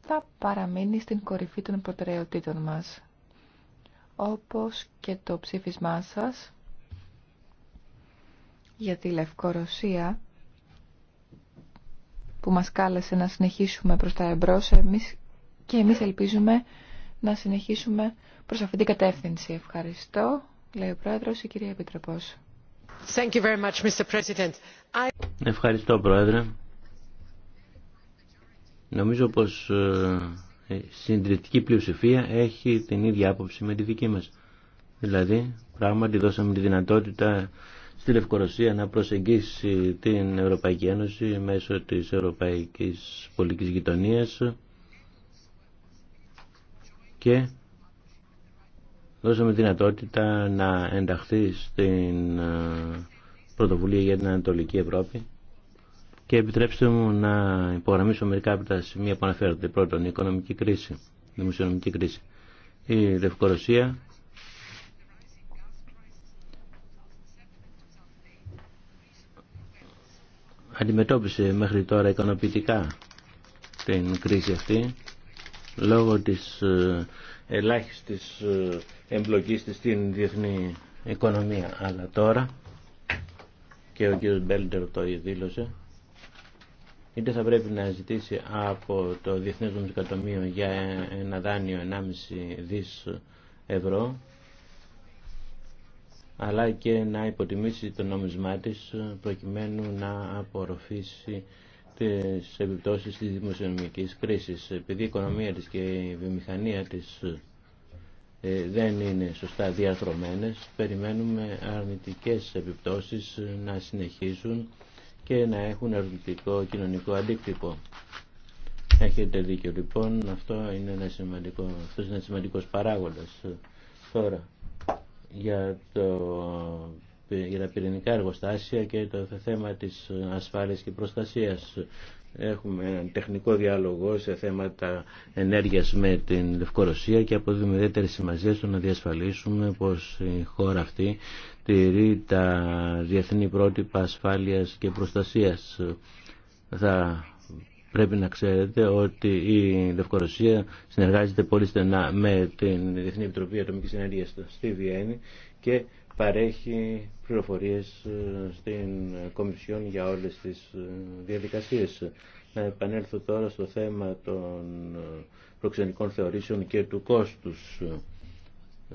[SPEAKER 1] θα παραμείνει στην κορυφή των προτεραιοτήτων μας. Όπως και το ψήφισμά σας για τη Λευκορωσία που μας κάλεσε να συνεχίσουμε προς τα εμπρός εμείς, και εμείς ελπίζουμε να συνεχίσουμε προς αυτήν την κατεύθυνση. Ευχαριστώ, λέει ο Πρόεδρος, η κυρία Επιτροπός.
[SPEAKER 2] Ευχαριστώ, Πρόεδρε. Νομίζω πως ε, η συντηρητική πλειοψηφία έχει την ίδια άποψη με τη δική μας. Δηλαδή, πράγματι δώσαμε τη δυνατότητα στη Λευκορωσία να προσεγγίσει την Ευρωπαϊκή Ένωση μέσω της Ευρωπαϊκής Πολιτικής Γειτονίας και δώσαμε δυνατότητα να ενταχθεί στην ε, πρωτοβουλία για την Ανατολική Ευρώπη και επιτρέψτε μου να υπογραμμίσω μερικά από τα σημεία που αναφέρονται. Πρώτον, η οικονομική κρίση, η δημοσιονομική κρίση. Η Λευκορωσία αντιμετώπισε μέχρι τώρα ικανοποιητικά την κρίση αυτή λόγω της ε, ελάχιστης ε, εμπλοκής της στην διεθνή οικονομία. Αλλά τώρα, και ο κ. Μπέλντερ το δήλωσε, είτε θα πρέπει να ζητήσει από το Διεθνές Νομισκατομείο για ένα δάνειο 1,5 δις ευρώ, αλλά και να υποτιμήσει το νόμισμά της προκειμένου να απορροφήσει τις επιπτώσεις της δημοσιονομικής κρίσης. Επειδή η οικονομία της και η βιομηχανία της ε, δεν είναι σωστά διαρθρωμένες, περιμένουμε αρνητικές επιπτώσεις να συνεχίσουν και να έχουν αρνητικό κοινωνικό αντίκτυπο. Έχετε δίκιο λοιπόν, αυτό είναι ένα σημαντικό, αυτός είναι ένα σημαντικός παράγοντας. Τώρα, για το για τα πυρηνικά εργοστάσια και το θέμα της ασφάλειας και προστασίας. Έχουμε τεχνικό διάλογο σε θέματα ενέργειας με την Λευκορωσία και από ιδιαίτερη σημασία στο να διασφαλίσουμε πως η χώρα αυτή τηρεί τα διεθνή πρότυπα ασφάλειας και προστασίας. Θα πρέπει να ξέρετε ότι η Λευκορωσία συνεργάζεται πολύ στενά με την Διεθνή Επιτροπή Ατομικής Ενέργειας στη Βιέννη και παρέχει πληροφορίες ε, στην Κομισιόν για όλες τις ε, διαδικασίες. Να επανέλθω τώρα στο θέμα των ε, προξενικών θεωρήσεων και του κόστους.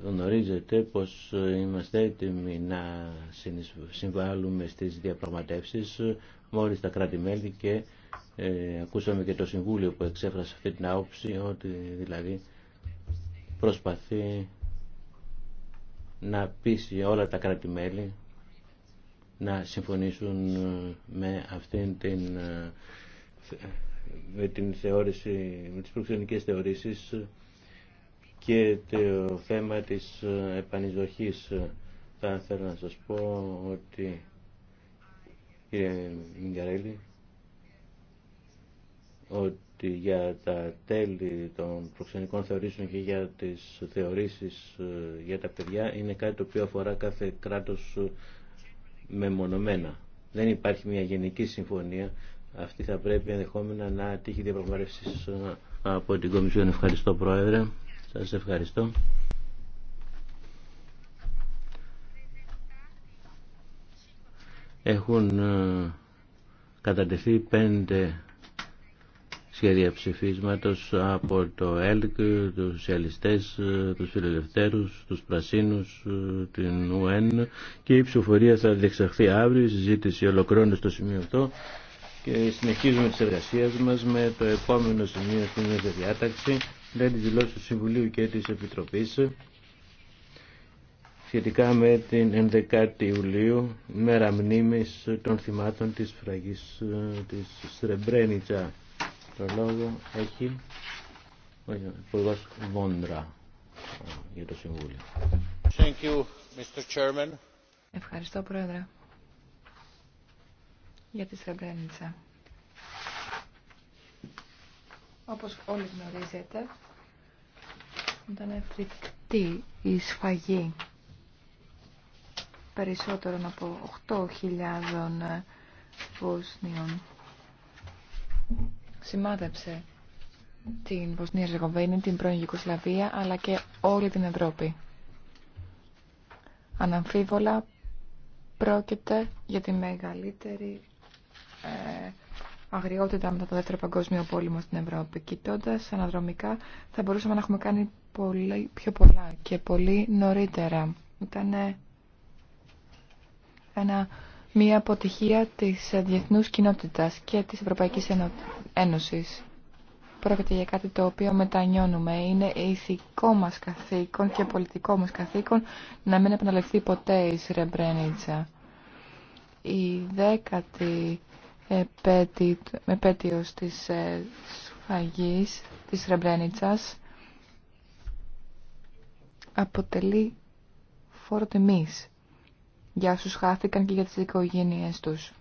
[SPEAKER 2] Γνωρίζετε πως είμαστε έτοιμοι να συμβάλλουμε στις διαπραγματεύσεις μόλις τα κράτη-μέλη και ακούσαμε και το Συμβούλιο που εξέφρασε αυτή την άποψη ότι δηλαδή προσπαθεί να πείσει όλα τα κράτη-μέλη να συμφωνήσουν ε, με αυτήν την, ε, με την θεώρηση, με τις προξενικές θεωρήσεις και το θέμα της ε, επανειδοχής. Θα ήθελα να σας πω ότι κύριε Μιγκαρέλη ότι για τα τέλη των προξενικών θεωρήσεων και για τις θεωρήσεις ε, για τα παιδιά είναι κάτι το οποίο αφορά κάθε κράτος ε, μεμονωμένα. Δεν υπάρχει μια γενική συμφωνία. Αυτή θα πρέπει ενδεχόμενα να τύχει διαπραγματεύσει ε, από την Κομισιόν. Ευχαριστώ Πρόεδρε. Σας ευχαριστώ. Έχουν κατατεθεί πέντε σχέδια ψηφίσματος από το ΕΛΚ, τους σοσιαλιστές, τους φιλελευθέρους, τους πρασίνους, την ΟΕΝ και η ψηφοφορία θα διεξαχθεί αύριο, η συζήτηση ολοκλώνεται στο σημείο αυτό και συνεχίζουμε τις εργασίες μας με το επόμενο σημείο στην διάταξη, δηλαδή τη δηλώση του Συμβουλίου και της Επιτροπής σχετικά με την 11η Ιουλίου, μέρα μνήμης των θυμάτων της φραγής ε, της Σρεμπρένιτσα. Το λόγο έχει ο Υπουργό Βόντρα ε, για το Συμβούλιο.
[SPEAKER 1] Ευχαριστώ, Πρόεδρε, για τη Σρεμπρένιτσα. Όπως όλοι γνωρίζετε, ήταν εφρικτή η σφαγή περισσότερων από 8.000 Βοσνιών σημάδεψε την Βοσνία Ζεγοβένη, την πρώην Γιουκοσλαβία, αλλά και όλη την Ευρώπη. Αναμφίβολα πρόκειται για τη μεγαλύτερη ε, αγριότητα μετά το Δεύτερο Παγκόσμιο Πόλεμο στην Ευρώπη. Κοιτώντα αναδρομικά θα μπορούσαμε να έχουμε κάνει πολύ, πιο πολλά και πολύ νωρίτερα. Ήταν ένα μια αποτυχία της διεθνούς κοινότητας και της Ευρωπαϊκής Ένωσης. Πρόκειται για κάτι το οποίο μετανιώνουμε. Είναι ηθικό μας καθήκον και πολιτικό μας καθήκον να μην επαναληφθεί ποτέ η Σρεμπρένιτσα. Η δέκατη επέτειος της ε, σφαγής της Σρεμπρένιτσας αποτελεί φόρο τιμής για όσους χάθηκαν και για τις οικογένειές τους.